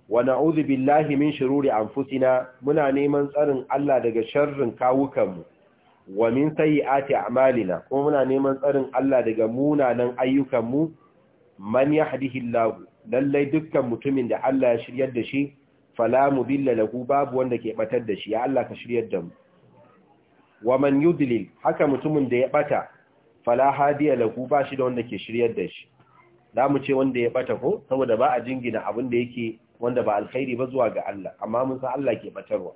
wa uzu billahi min shururi anfusina muna neman tsarin Allah daga sharrin kawukanmu wa min sayyiati a'malina ko muna neman tsarin Allah daga munanan ayyukanmu man yahdihillahu lallai dukkan mutumin da Allah ya shiryar da shi fala mudilla lahu babu wanda ke batar da shi ya Allah ka shiryar da mu wa man yudlil haka mutumin da ya bata fala hadiya lahu ba shi da wanda ke shiryar da shi da mu ce wanda ya bata ko saboda ba a jingina abin da yake wanda ba alkhairi ba zuwa ga Allah amma mun san Allah ke batarwa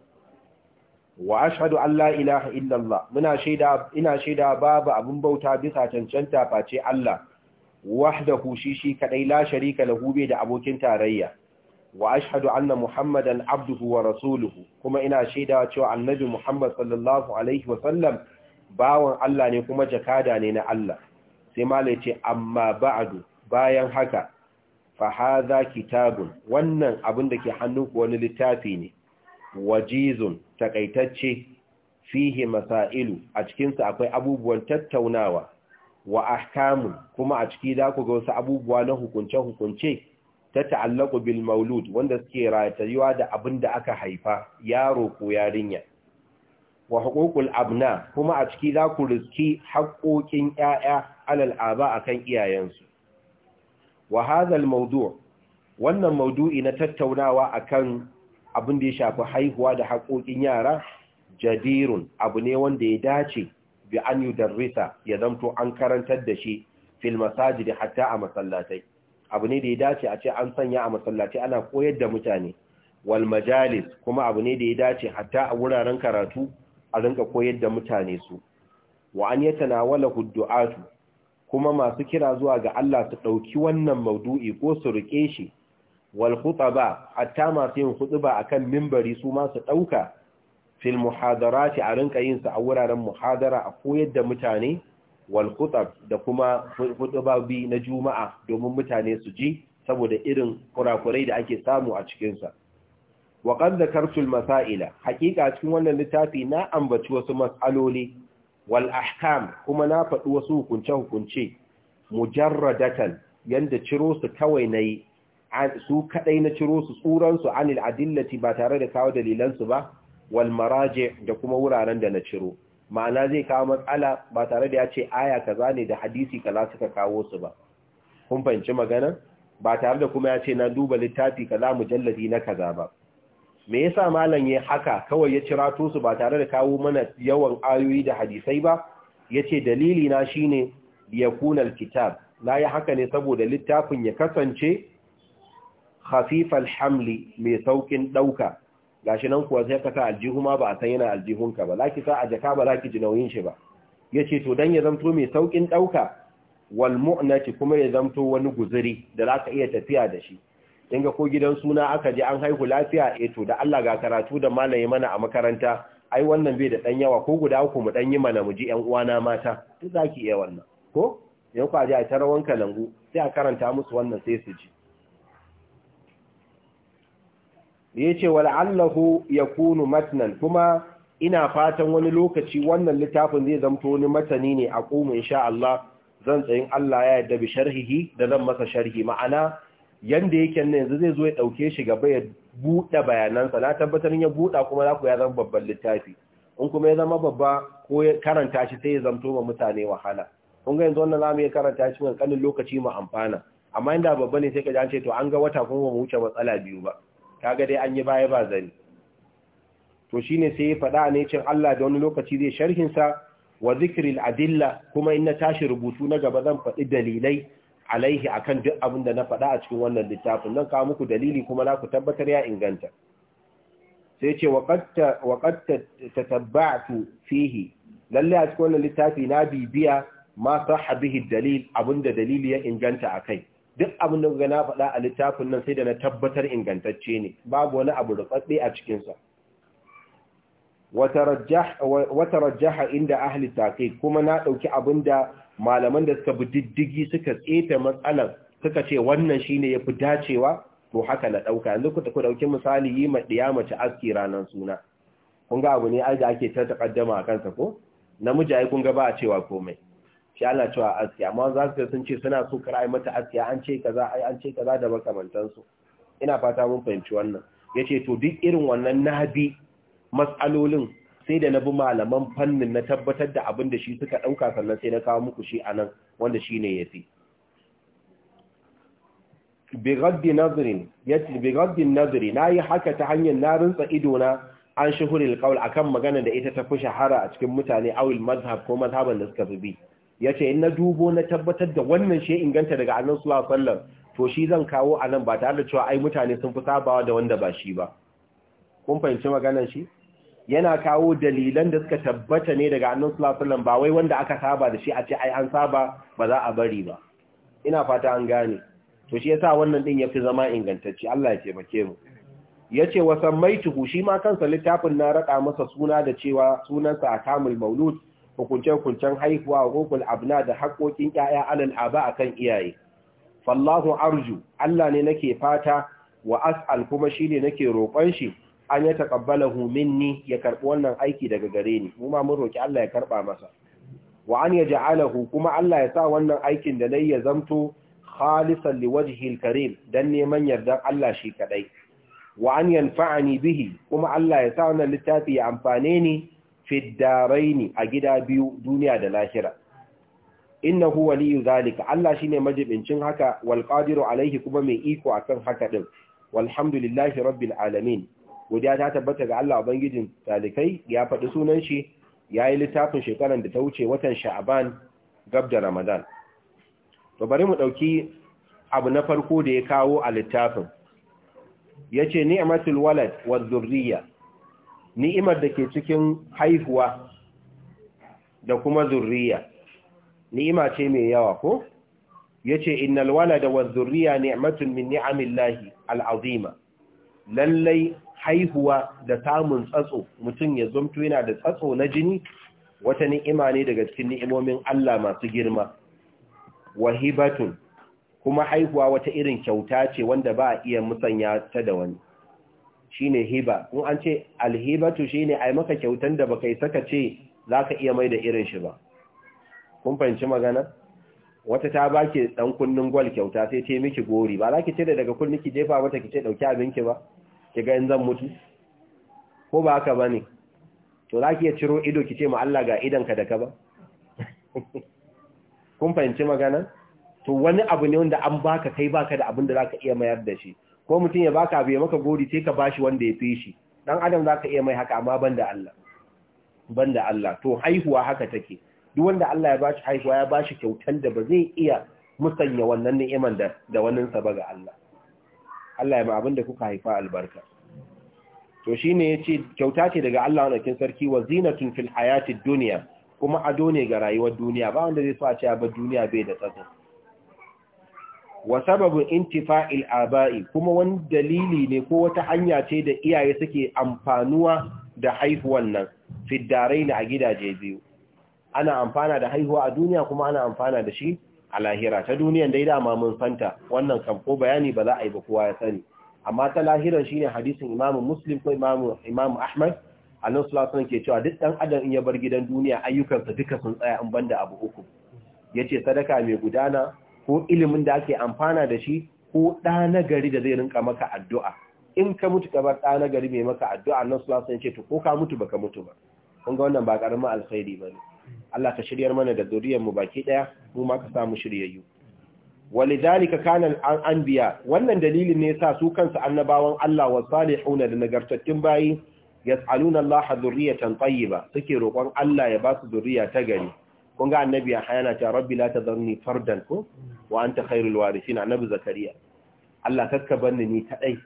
wa ashhadu an la ilaha illa Allah muna shaida ina shaida babu abin bauta bisa cancanta face Allah wahdahu shi shi kadai la sharika lahu bai da abokin tarayya wa ashhadu anna muhammadan abduhu wa rasuluhu kuma ina shaidawa cewa annabi muhammad sallallahu alaihi wa sallam bawan Allah ne kuma jakada ne na Allah sai malai ce amma ba'adu, bayan haka fa hadha kitabun wannan abin da ke hannunku wani littafi ne wajizun takaitacce fihi masailu a cikin akwai abubuwan tattaunawa wa ahkamun kuma a ciki za ku ga wasu abubuwa na hukunce-hukunce ta ta'allaku bil maulud wanda suke ratayuwa da abin da aka haifa yaro ko yarinya wa huququl abna kuma a ciki za ku riski haƙoƙin ƴaƴa alal aba akan iyayensu wa hadha mawdu' wannan mawdu'i na tattaunawa akan abin da ya shafi haihuwa da haƙoƙin yara jadirun abu ne wanda ya dace bi an yudarrisa ya zamto an karantar da shi fil masajidi hatta a masallatai abu ne da ya dace a ce an sanya a masallaci ana koyar da mutane wal majalis kuma abu ne da ya dace hatta a wuraren karatu a rinka koyar da mutane su wa an yatanawala hudduatu kuma masu kira zuwa ga Allah su dauki wannan maudu'i ko su rike shi wal khutaba hatta masu yin khutba akan minbari su ma su dauka fil muhadarati a rinka yin su a wuraren muhadara a koyar da mutane wal da kuma hutubabi na juma'a domin mutane su ji saboda irin kurakurai da ake samu a cikinsa wa qad zakartu al masaila hakika cikin wannan littafi na ambaci wasu mas'aloli wal ahkam kuma na faɗi wasu hukunce hukunce mujarradatan yanda ciro su kawai nayi su kadai na ciro su tsuran su anil adillati ba tare da kawo dalilansu ba wal maraji da kuma wuraren da na ciro ma'ana zai kawo matsala ba tare da ya ce aya kaza ne da hadisi kaza suka kawo su ba kun fahimci magana ba tare da kuma ya ce na duba littafi kaza mujalladi na kaza ba me yasa malam ya haka kawai ya cirato su ba tare da kawo mana yawan ayoyi da hadisai ba yace dalili na shine yakunal kitab la ya haka ne saboda littafin ya kasance khafifal hamli mai saukin ɗauka. gashi nan kuwa sai ka aljihu ma ba a san yana aljihun ka ba laki sa a jaka ba laki ji nauyin shi ba yace to dan ya zamto mai saukin dauka wal mu'nati kuma ya zamto wani guzuri da za ka iya tafiya da shi in ga ko gidan suna aka je an haihu lafiya eh to da Allah ga karatu da malami mana a makaranta ai wannan bai da dan yawa ko guda uku mu dan yi mana mu ji 'yan uwana mata duk zaki iya wannan ko yan kwaje a tarawan kalangu sai a karanta musu wannan sai su ji da yace ya kunu matnan kuma ina fatan wani lokaci wannan littafin zai zamto wani matani ne a kuma sha Allah zan tsayin Allah ya yarda bi sharhihi da zan masa sharhi ma'ana yanda yake ne yanzu zai zo ya ɗauke shi gaba ya buɗe bayanansa na tabbatar ya buɗa kuma za ku ya zama babban littafi in kuma ya zama babba ko ya karanta shi sai ya zamto ma mutane wahala kun ga yanzu wannan zamu ya karanta shi kan lokaci mu amfana amma inda babba ne sai ka ji an ce to an ga wata kuma ba mu wuce matsala biyu ba kaga dai an yi baya ba zani to shine sai ya faɗa ne cin Allah da wani lokaci zai sharhin sa wa zikirin adilla kuma in na tashi rubutu na gaba zan faɗi dalilai alaihi akan duk abin da na faɗa a cikin wannan littafin nan kawo muku dalili kuma na ku tabbatar ya inganta sai ce wa ta tatabba'tu fihi lalle a cikin wannan littafi na bibiya ma sahha dalil abinda dalili ya inganta akai duk abin da kuka na faɗa a littafin nan sai da na tabbatar ingantacce ne babu wani abu da tsatsi a cikinsa wata rajaha inda ahli taƙi kuma na ɗauki abin da malaman da suka bi diddigi suka tseta matsalar suka ce wannan shine ne ya fi dacewa to haka na ɗauka yanzu ku ɗauki misali yi ma ɗiya mace aski ranar suna kun ga abu ne ai da ake ta taƙaddama a kansa ko namiji ai kun ga ba a cewa komai shi ana cewa askiya amma za su sun ce suna so kar ai mata askiya an ce kaza ai an ce kaza da su ina fata mun fahimci wannan yace to duk irin wannan nahabi mas'alolin sai da na bi malaman fannin na tabbatar da abin da shi suka ɗauka sannan sai na kawo muku shi anan wanda shi ne ya fi. Bigaddin nazari na yi haka ta hanyar na rinsa na an shuhuril kawul akan kan magana da ita ta fi shahara a cikin mutane awil mazhab ko mazhaban da suka fi bi. ya ce in na dubo na tabbatar da wannan shi inganta daga annan sula sallam to shi zan kawo a nan ba tare da cewa ai mutane sun fi sabawa da wanda ba shi ba kun fahimci maganar shi yana kawo dalilan da suka tabbata ne daga annan sula sallam ba wai wanda aka saba da shi a ce ai an saba ba za a bari ba ina fata an gane to shi yasa wannan din ya fi zama ingantacce Allah ya taimake mu yace wa tuhu, shi ma kansa littafin na raka masa suna da cewa sunansa akamul maulud hukunce-hukuncen haihuwa hukul abna da haƙoƙin ƴaƴa alal aba kan iyaye fallahu arju Allah ne nake fata wa as'al kuma shine nake roƙon shi an ya taqabbalahu ya karɓi wannan aiki daga gare ni mu ma mun roki Allah ya karɓa masa wa an yaj'alahu kuma Allah ya sa wannan aikin da nayi ya zamto khalisan liwajhi karim dan neman yardan Allah shi kadai wa an yanfa'ani bihi kuma Allah ya sa wannan littafi ya amfane ni fiddaraini a gida biyu duniya da lahira innahu waliyu zalika Allah shine majibincin haka wal qadiru alaihi kuma mai iko akan haka din walhamdulillahi rabbil alamin godiya ta tabbata ga Allah ubangijin talikai ya faɗi sunan shi yayi littafin shekaran da ta wuce watan sha'aban gab da ramadan to bari mu dauki abu na farko da ya kawo a littafin yace ni'matul walad wa dhurriyya ni'imar da ke cikin haihuwa da kuma zurriya ni'ima ce mai yawa ko yace innal walada waz zurriya ni'matun min ni'amillahi al'azima lallai haihuwa da samun tsatso mutum ya zumto yana da tsatso na jini wata ni'ima ne daga cikin ni'imomin Allah masu girma wahibatun kuma haihuwa wata irin kyauta ce wanda ba a iya musanya ta da wani shine hiba in an ce alhibatu shine ai maka kyautan da baka yi saka ce zaka iya mai da irin shi ba kun fahimci magana wata ta baki dan kunnin gwal kyauta sai ce miki gori ba zaki ce da daga kunni ki jefa mata ki ce dauki abinki ba ki ga in zan mutu ko ba haka bane to zaki ya ciro ido ki ce ma Allah ga idan ka da ka ba kun fahimci magana to wani abu ne wanda an baka kai baka da abin da zaka iya mayar da shi ko mutum ya baka abu ya maka gori sai ka bashi wanda ya fi shi dan adam zaka iya mai haka amma banda Allah banda Allah to haihuwa haka take duk wanda Allah ya bashi haihuwa ya bashi kyautar da ba zai iya musanya wannan ni'iman da da wannan sa ba ga Allah Allah ya ma abin da kuka haifa albarka to shine yace kyauta ce daga Allah wannan sarki wa zinatun fil hayatid dunya kuma ado ne ga rayuwar duniya ba wanda zai so a ce ba duniya bai da tsaka wa sababin intifa'il aba'i kuma wani dalili ne ko wata hanya ce da iyaye suke amfanuwa da haihuwan nan fiddarai na a gidaje biyu ana amfana da haihuwa a duniya kuma ana amfana da shi a lahira ta duniyan dai dama mun fanta, wannan kan ko bayani ba za a yi ba kowa ya sani amma ta lahiran shine hadisin imamu muslim ko imamu imamu ahmad annabi sallallahu alaihi ke cewa duk dan adam in ya bar gidan duniya ayyukansa duka sun tsaya in banda abu uku yace sadaka mai gudana ko ilimin da ake amfana da shi ko ɗa na gari da zai rinka maka addu'a in ka mutu ka bar ɗa na gari mai maka addu'a nan su lasan ce to ko ka mutu baka mutu ba kun ga wannan ba ƙaramin alkhairi ba ne Allah ka shiryar mana da zuriyar mu baki ɗaya mu ma ka samu shiryayyu walidhalika kana al-anbiya wannan dalilin ne yasa su kansu annabawan Allah wa salihun da nagartattun bayi yas'aluna Allah dhurriyatan tayyiba suke roƙon Allah ya ba su zuriya ta gari kun ga annabi ya hayana ta rabbi la tadharni fardan ko wa anta khairul warithin annabi zakariya Allah kakka banni ni kadai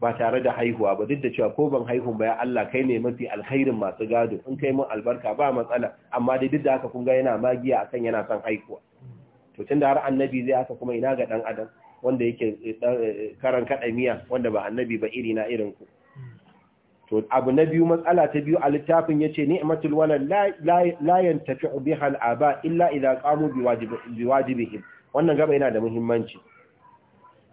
ba tare da haihuwa ba duk da cewa ko ban haihu ba ya Allah kai ne mafi alkhairin masu gado in kai mun albarka ba matsala amma dai duk da haka kun ga yana magiya akan yana son haihuwa to tunda har annabi zai haka kuma ina ga dan adam wanda yake eh, eh, karan kadamiya miya wanda ba annabi ba iri na irin ku to abu na biyu matsala ta biyu a littafin yace ni'matul walad la yantafi'u biha al-aba illa idza qamu wajibihim wannan gaba yana da muhimmanci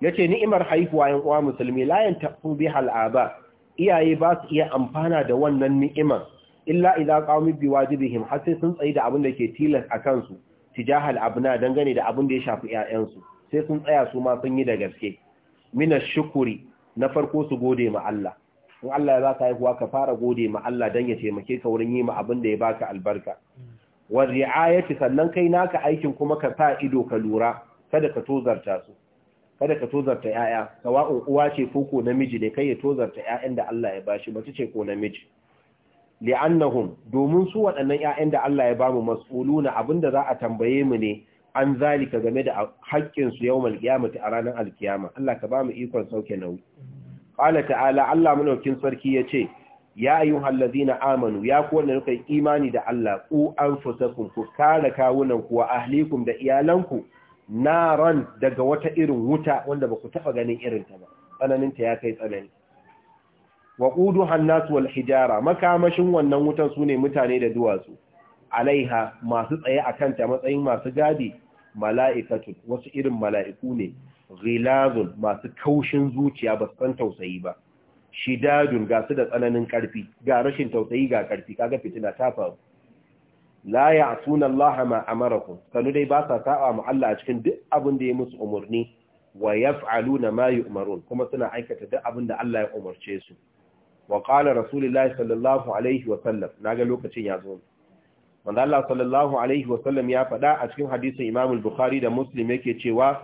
yace ni'imar haihuwa yan uwa musulmi la yantafi'u biha al-aba iyaye ba su iya amfana da wannan ni'imar illa idza qamu wajibihim har sai sun tsayi da abin da ke tilas a kansu tijahal abna dangane da abin da ya shafi 'ya'yansu sai sun tsaya su ma sun yi da gaske mina shukuri na farko su gode ma Allah in Allah ya ka haihuwa ka fara gode ma Allah dan ya taimake ka wurin yi ma abin da ya ba ka albarka wa ri'ayati sannan kai naka aikin kuma ka sa ido ka lura kada ka tozarta su kada ka tozarta ƴaƴa sawa'un uwa ce ko ko namiji ne kai ya tozarta ƴaƴan da Allah ya bashi mace ce ko namiji li'annahum domin su waɗannan yayan da Allah ya bamu mas'uluna abinda za a tambaye mu ne an zalika game da haƙƙinsu yau malƙiyamata a ranar alkiyama Allah ka bamu ikon sauke nauyi qala ta'ala Allah mulkin sarki yace ya ayyuhal ladina amanu ya ku wanda kuka imani da Allah ku fusakun ku kare kawunan ku wa ahlikum da iyalanku na ran daga wata irin wuta wanda ba ku taba ganin irin ta ba tsananin ta ya kai tsanani wa Hannasu an wal hijara makamashin wannan wutan sune mutane da duwatsu alaiha masu tsaye a kanta matsayin masu gadi mala'ikatu wasu irin mala'iku ne ghilazun masu kaushin zuciya ba san tausayi ba shidadun ga su da tsananin karfi ga rashin tausayi ga karfi kaga fitina ta faru la ya'suna Allah ma amarakum kanu dai ba sa ta'a ma Allah a cikin duk abin da ya musu umurni wa yaf'aluna ma yu'marun kuma suna aikata duk abin da Allah ya umarce su wa qala rasulullahi sallallahu alaihi wa sallam naga lokacin ya zo manzo Allah sallallahu alaihi wa sallam ya faɗa a cikin hadisin Imam al-Bukhari da Muslim yake cewa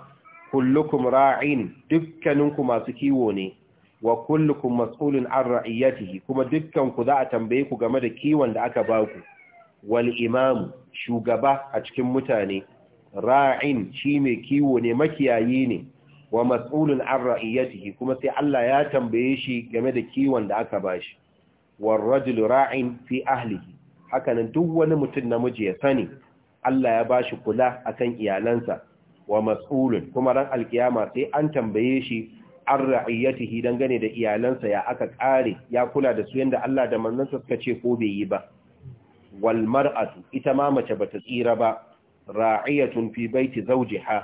kullukum ra'in dukkaninku masu kiwo ne wa kullukum mas'ulun an ra'iyatihi kuma dukkanku za a tambaye ku game da kiwon da aka baku wal imam shugaba a cikin mutane ra'in shi mai kiwo ne makiyayi ne wa mas'ulun an ra'iyatihi kuma sai Allah ya tambaye shi game da kiwon da aka bashi war rajul ra'in fi ahlihi hakanan duk wani mutum namiji ya sani Allah ya bashi kula akan iyalansa wa mas'ulun kuma ran alkiyama sai an tambaye shi an ra'ayyatihi gane da iyalansa ya aka kare ya kula da su yanda Allah da manzansa suka ce ko bai yi ba wal mar'atu ita ma mace bata tsira ba ra'iyatun fi baiti zawjiha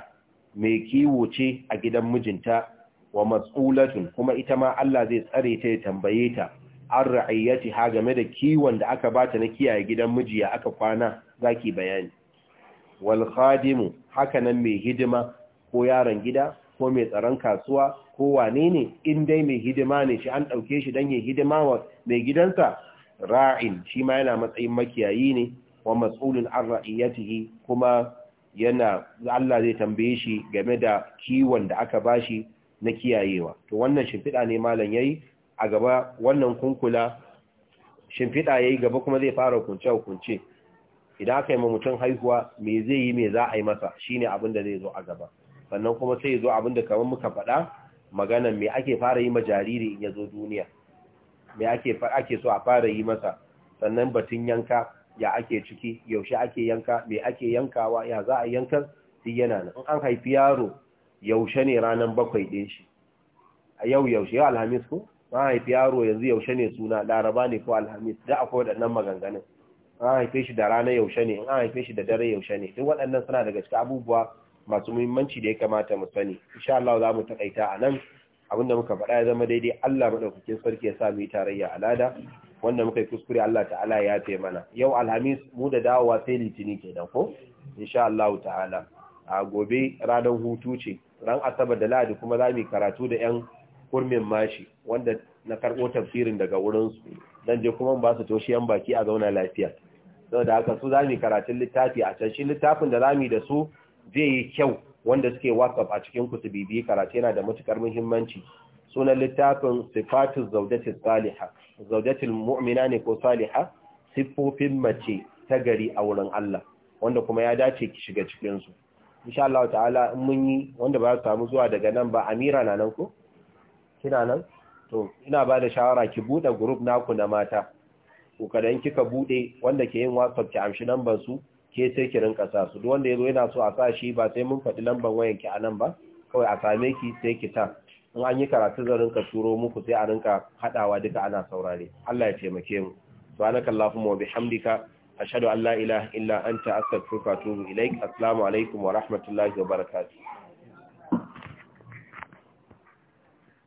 mai kiwo ce a gidan mijinta wa mas'ulatun kuma ita ma Allah zai tsare ta ya tambaye ta an ra'ayyatiha game da kiwon da aka bata na kiyaye gidan miji ya aka kwana zaki bayani wal khadimu haka nan mai hidima ko yaron gida ko mai tsaron kasuwa ko wane ne in dai mai hidima ne shi an ɗauke shi don yin hidima wa mai gidansa ra'in shi ma yana matsayin makiyayi ne wa mas'ulun an ra'iyatihi kuma yana Allah zai tambaye shi game da kiwon da aka bashi na kiyayewa to wannan shimfiɗa ne malam yayi a gaba wannan kunkula shimfiɗa yayi gaba kuma zai fara kunce kunce idan aka yi ma mutum haihuwa me zai yi me za a yi masa shine abin da zai zo a gaba sannan kuma sai ya zo abin da kamar muka faɗa maganan me ake fara yi ma jariri in ya zo duniya me ake so a fara yi masa sannan batun yanka ya ake ciki yaushe ake yanka me ake yankawa ya za a yankan duk yana nan in an haifi yaro yaushe ne ranan bakwai ɗin shi a yau yaushe yau alhamis ko haifi yaro yanzu yaushe ne suna laraba ne ko alhamis da akwai waɗannan maganganun an haife shi da rana yaushe ne an haife shi da dare yaushe ne duk waɗannan suna daga cikin abubuwa masu muhimmanci da ya kamata mu sani insha Allah za mu takaita a nan abinda muka faɗa ya zama daidai Allah madaukakin sarki ya sa mu yi tarayya alada wanda muka yi kuskure Allah ta'ala ya yafe mana yau alhamis mu da dawowa sai litini kenan ko insha Allah ta'ala a gobe ranar hutu ce ran asabar da ladi kuma za mu yi karatu da yan kurmin mashi wanda na karɓo tafsirin daga wurinsu dan je kuma ba su toshe yan baki a zauna lafiya saboda haka su za mu karatun littafi a can shi littafin da za mu da su zai yi kyau wanda suke whatsapp a cikin ku su karatu yana da matukar muhimmanci sunan littafin sifatu zaujati salihah zaujatul mu'mina ne ko saliha siffofin mace ta gari a wurin Allah wanda kuma ya dace ki shiga cikin su insha Allah ta'ala in mun yi wanda ba su samu zuwa daga nan ba Amira na nan ko kina nan to ina ba da shawara ki bude group naku na mata to kika bude wanda ke yin WhatsApp ki amshi lambar su ke sai ki rinka sa su duk wanda yazo yana so a sa shi ba sai mun faɗi lambar wayan ki a nan ba kawai a same ki sai ki ta in an yi karatu zan rinka turo muku sai a rinka hadawa duka ana saurare Allah ya taimake mu subhanakallahumma wa bihamdika ashhadu an la ilaha illa anta astaghfiruka wa atubu ilaik assalamu alaikum wa rahmatullahi wa barakatuh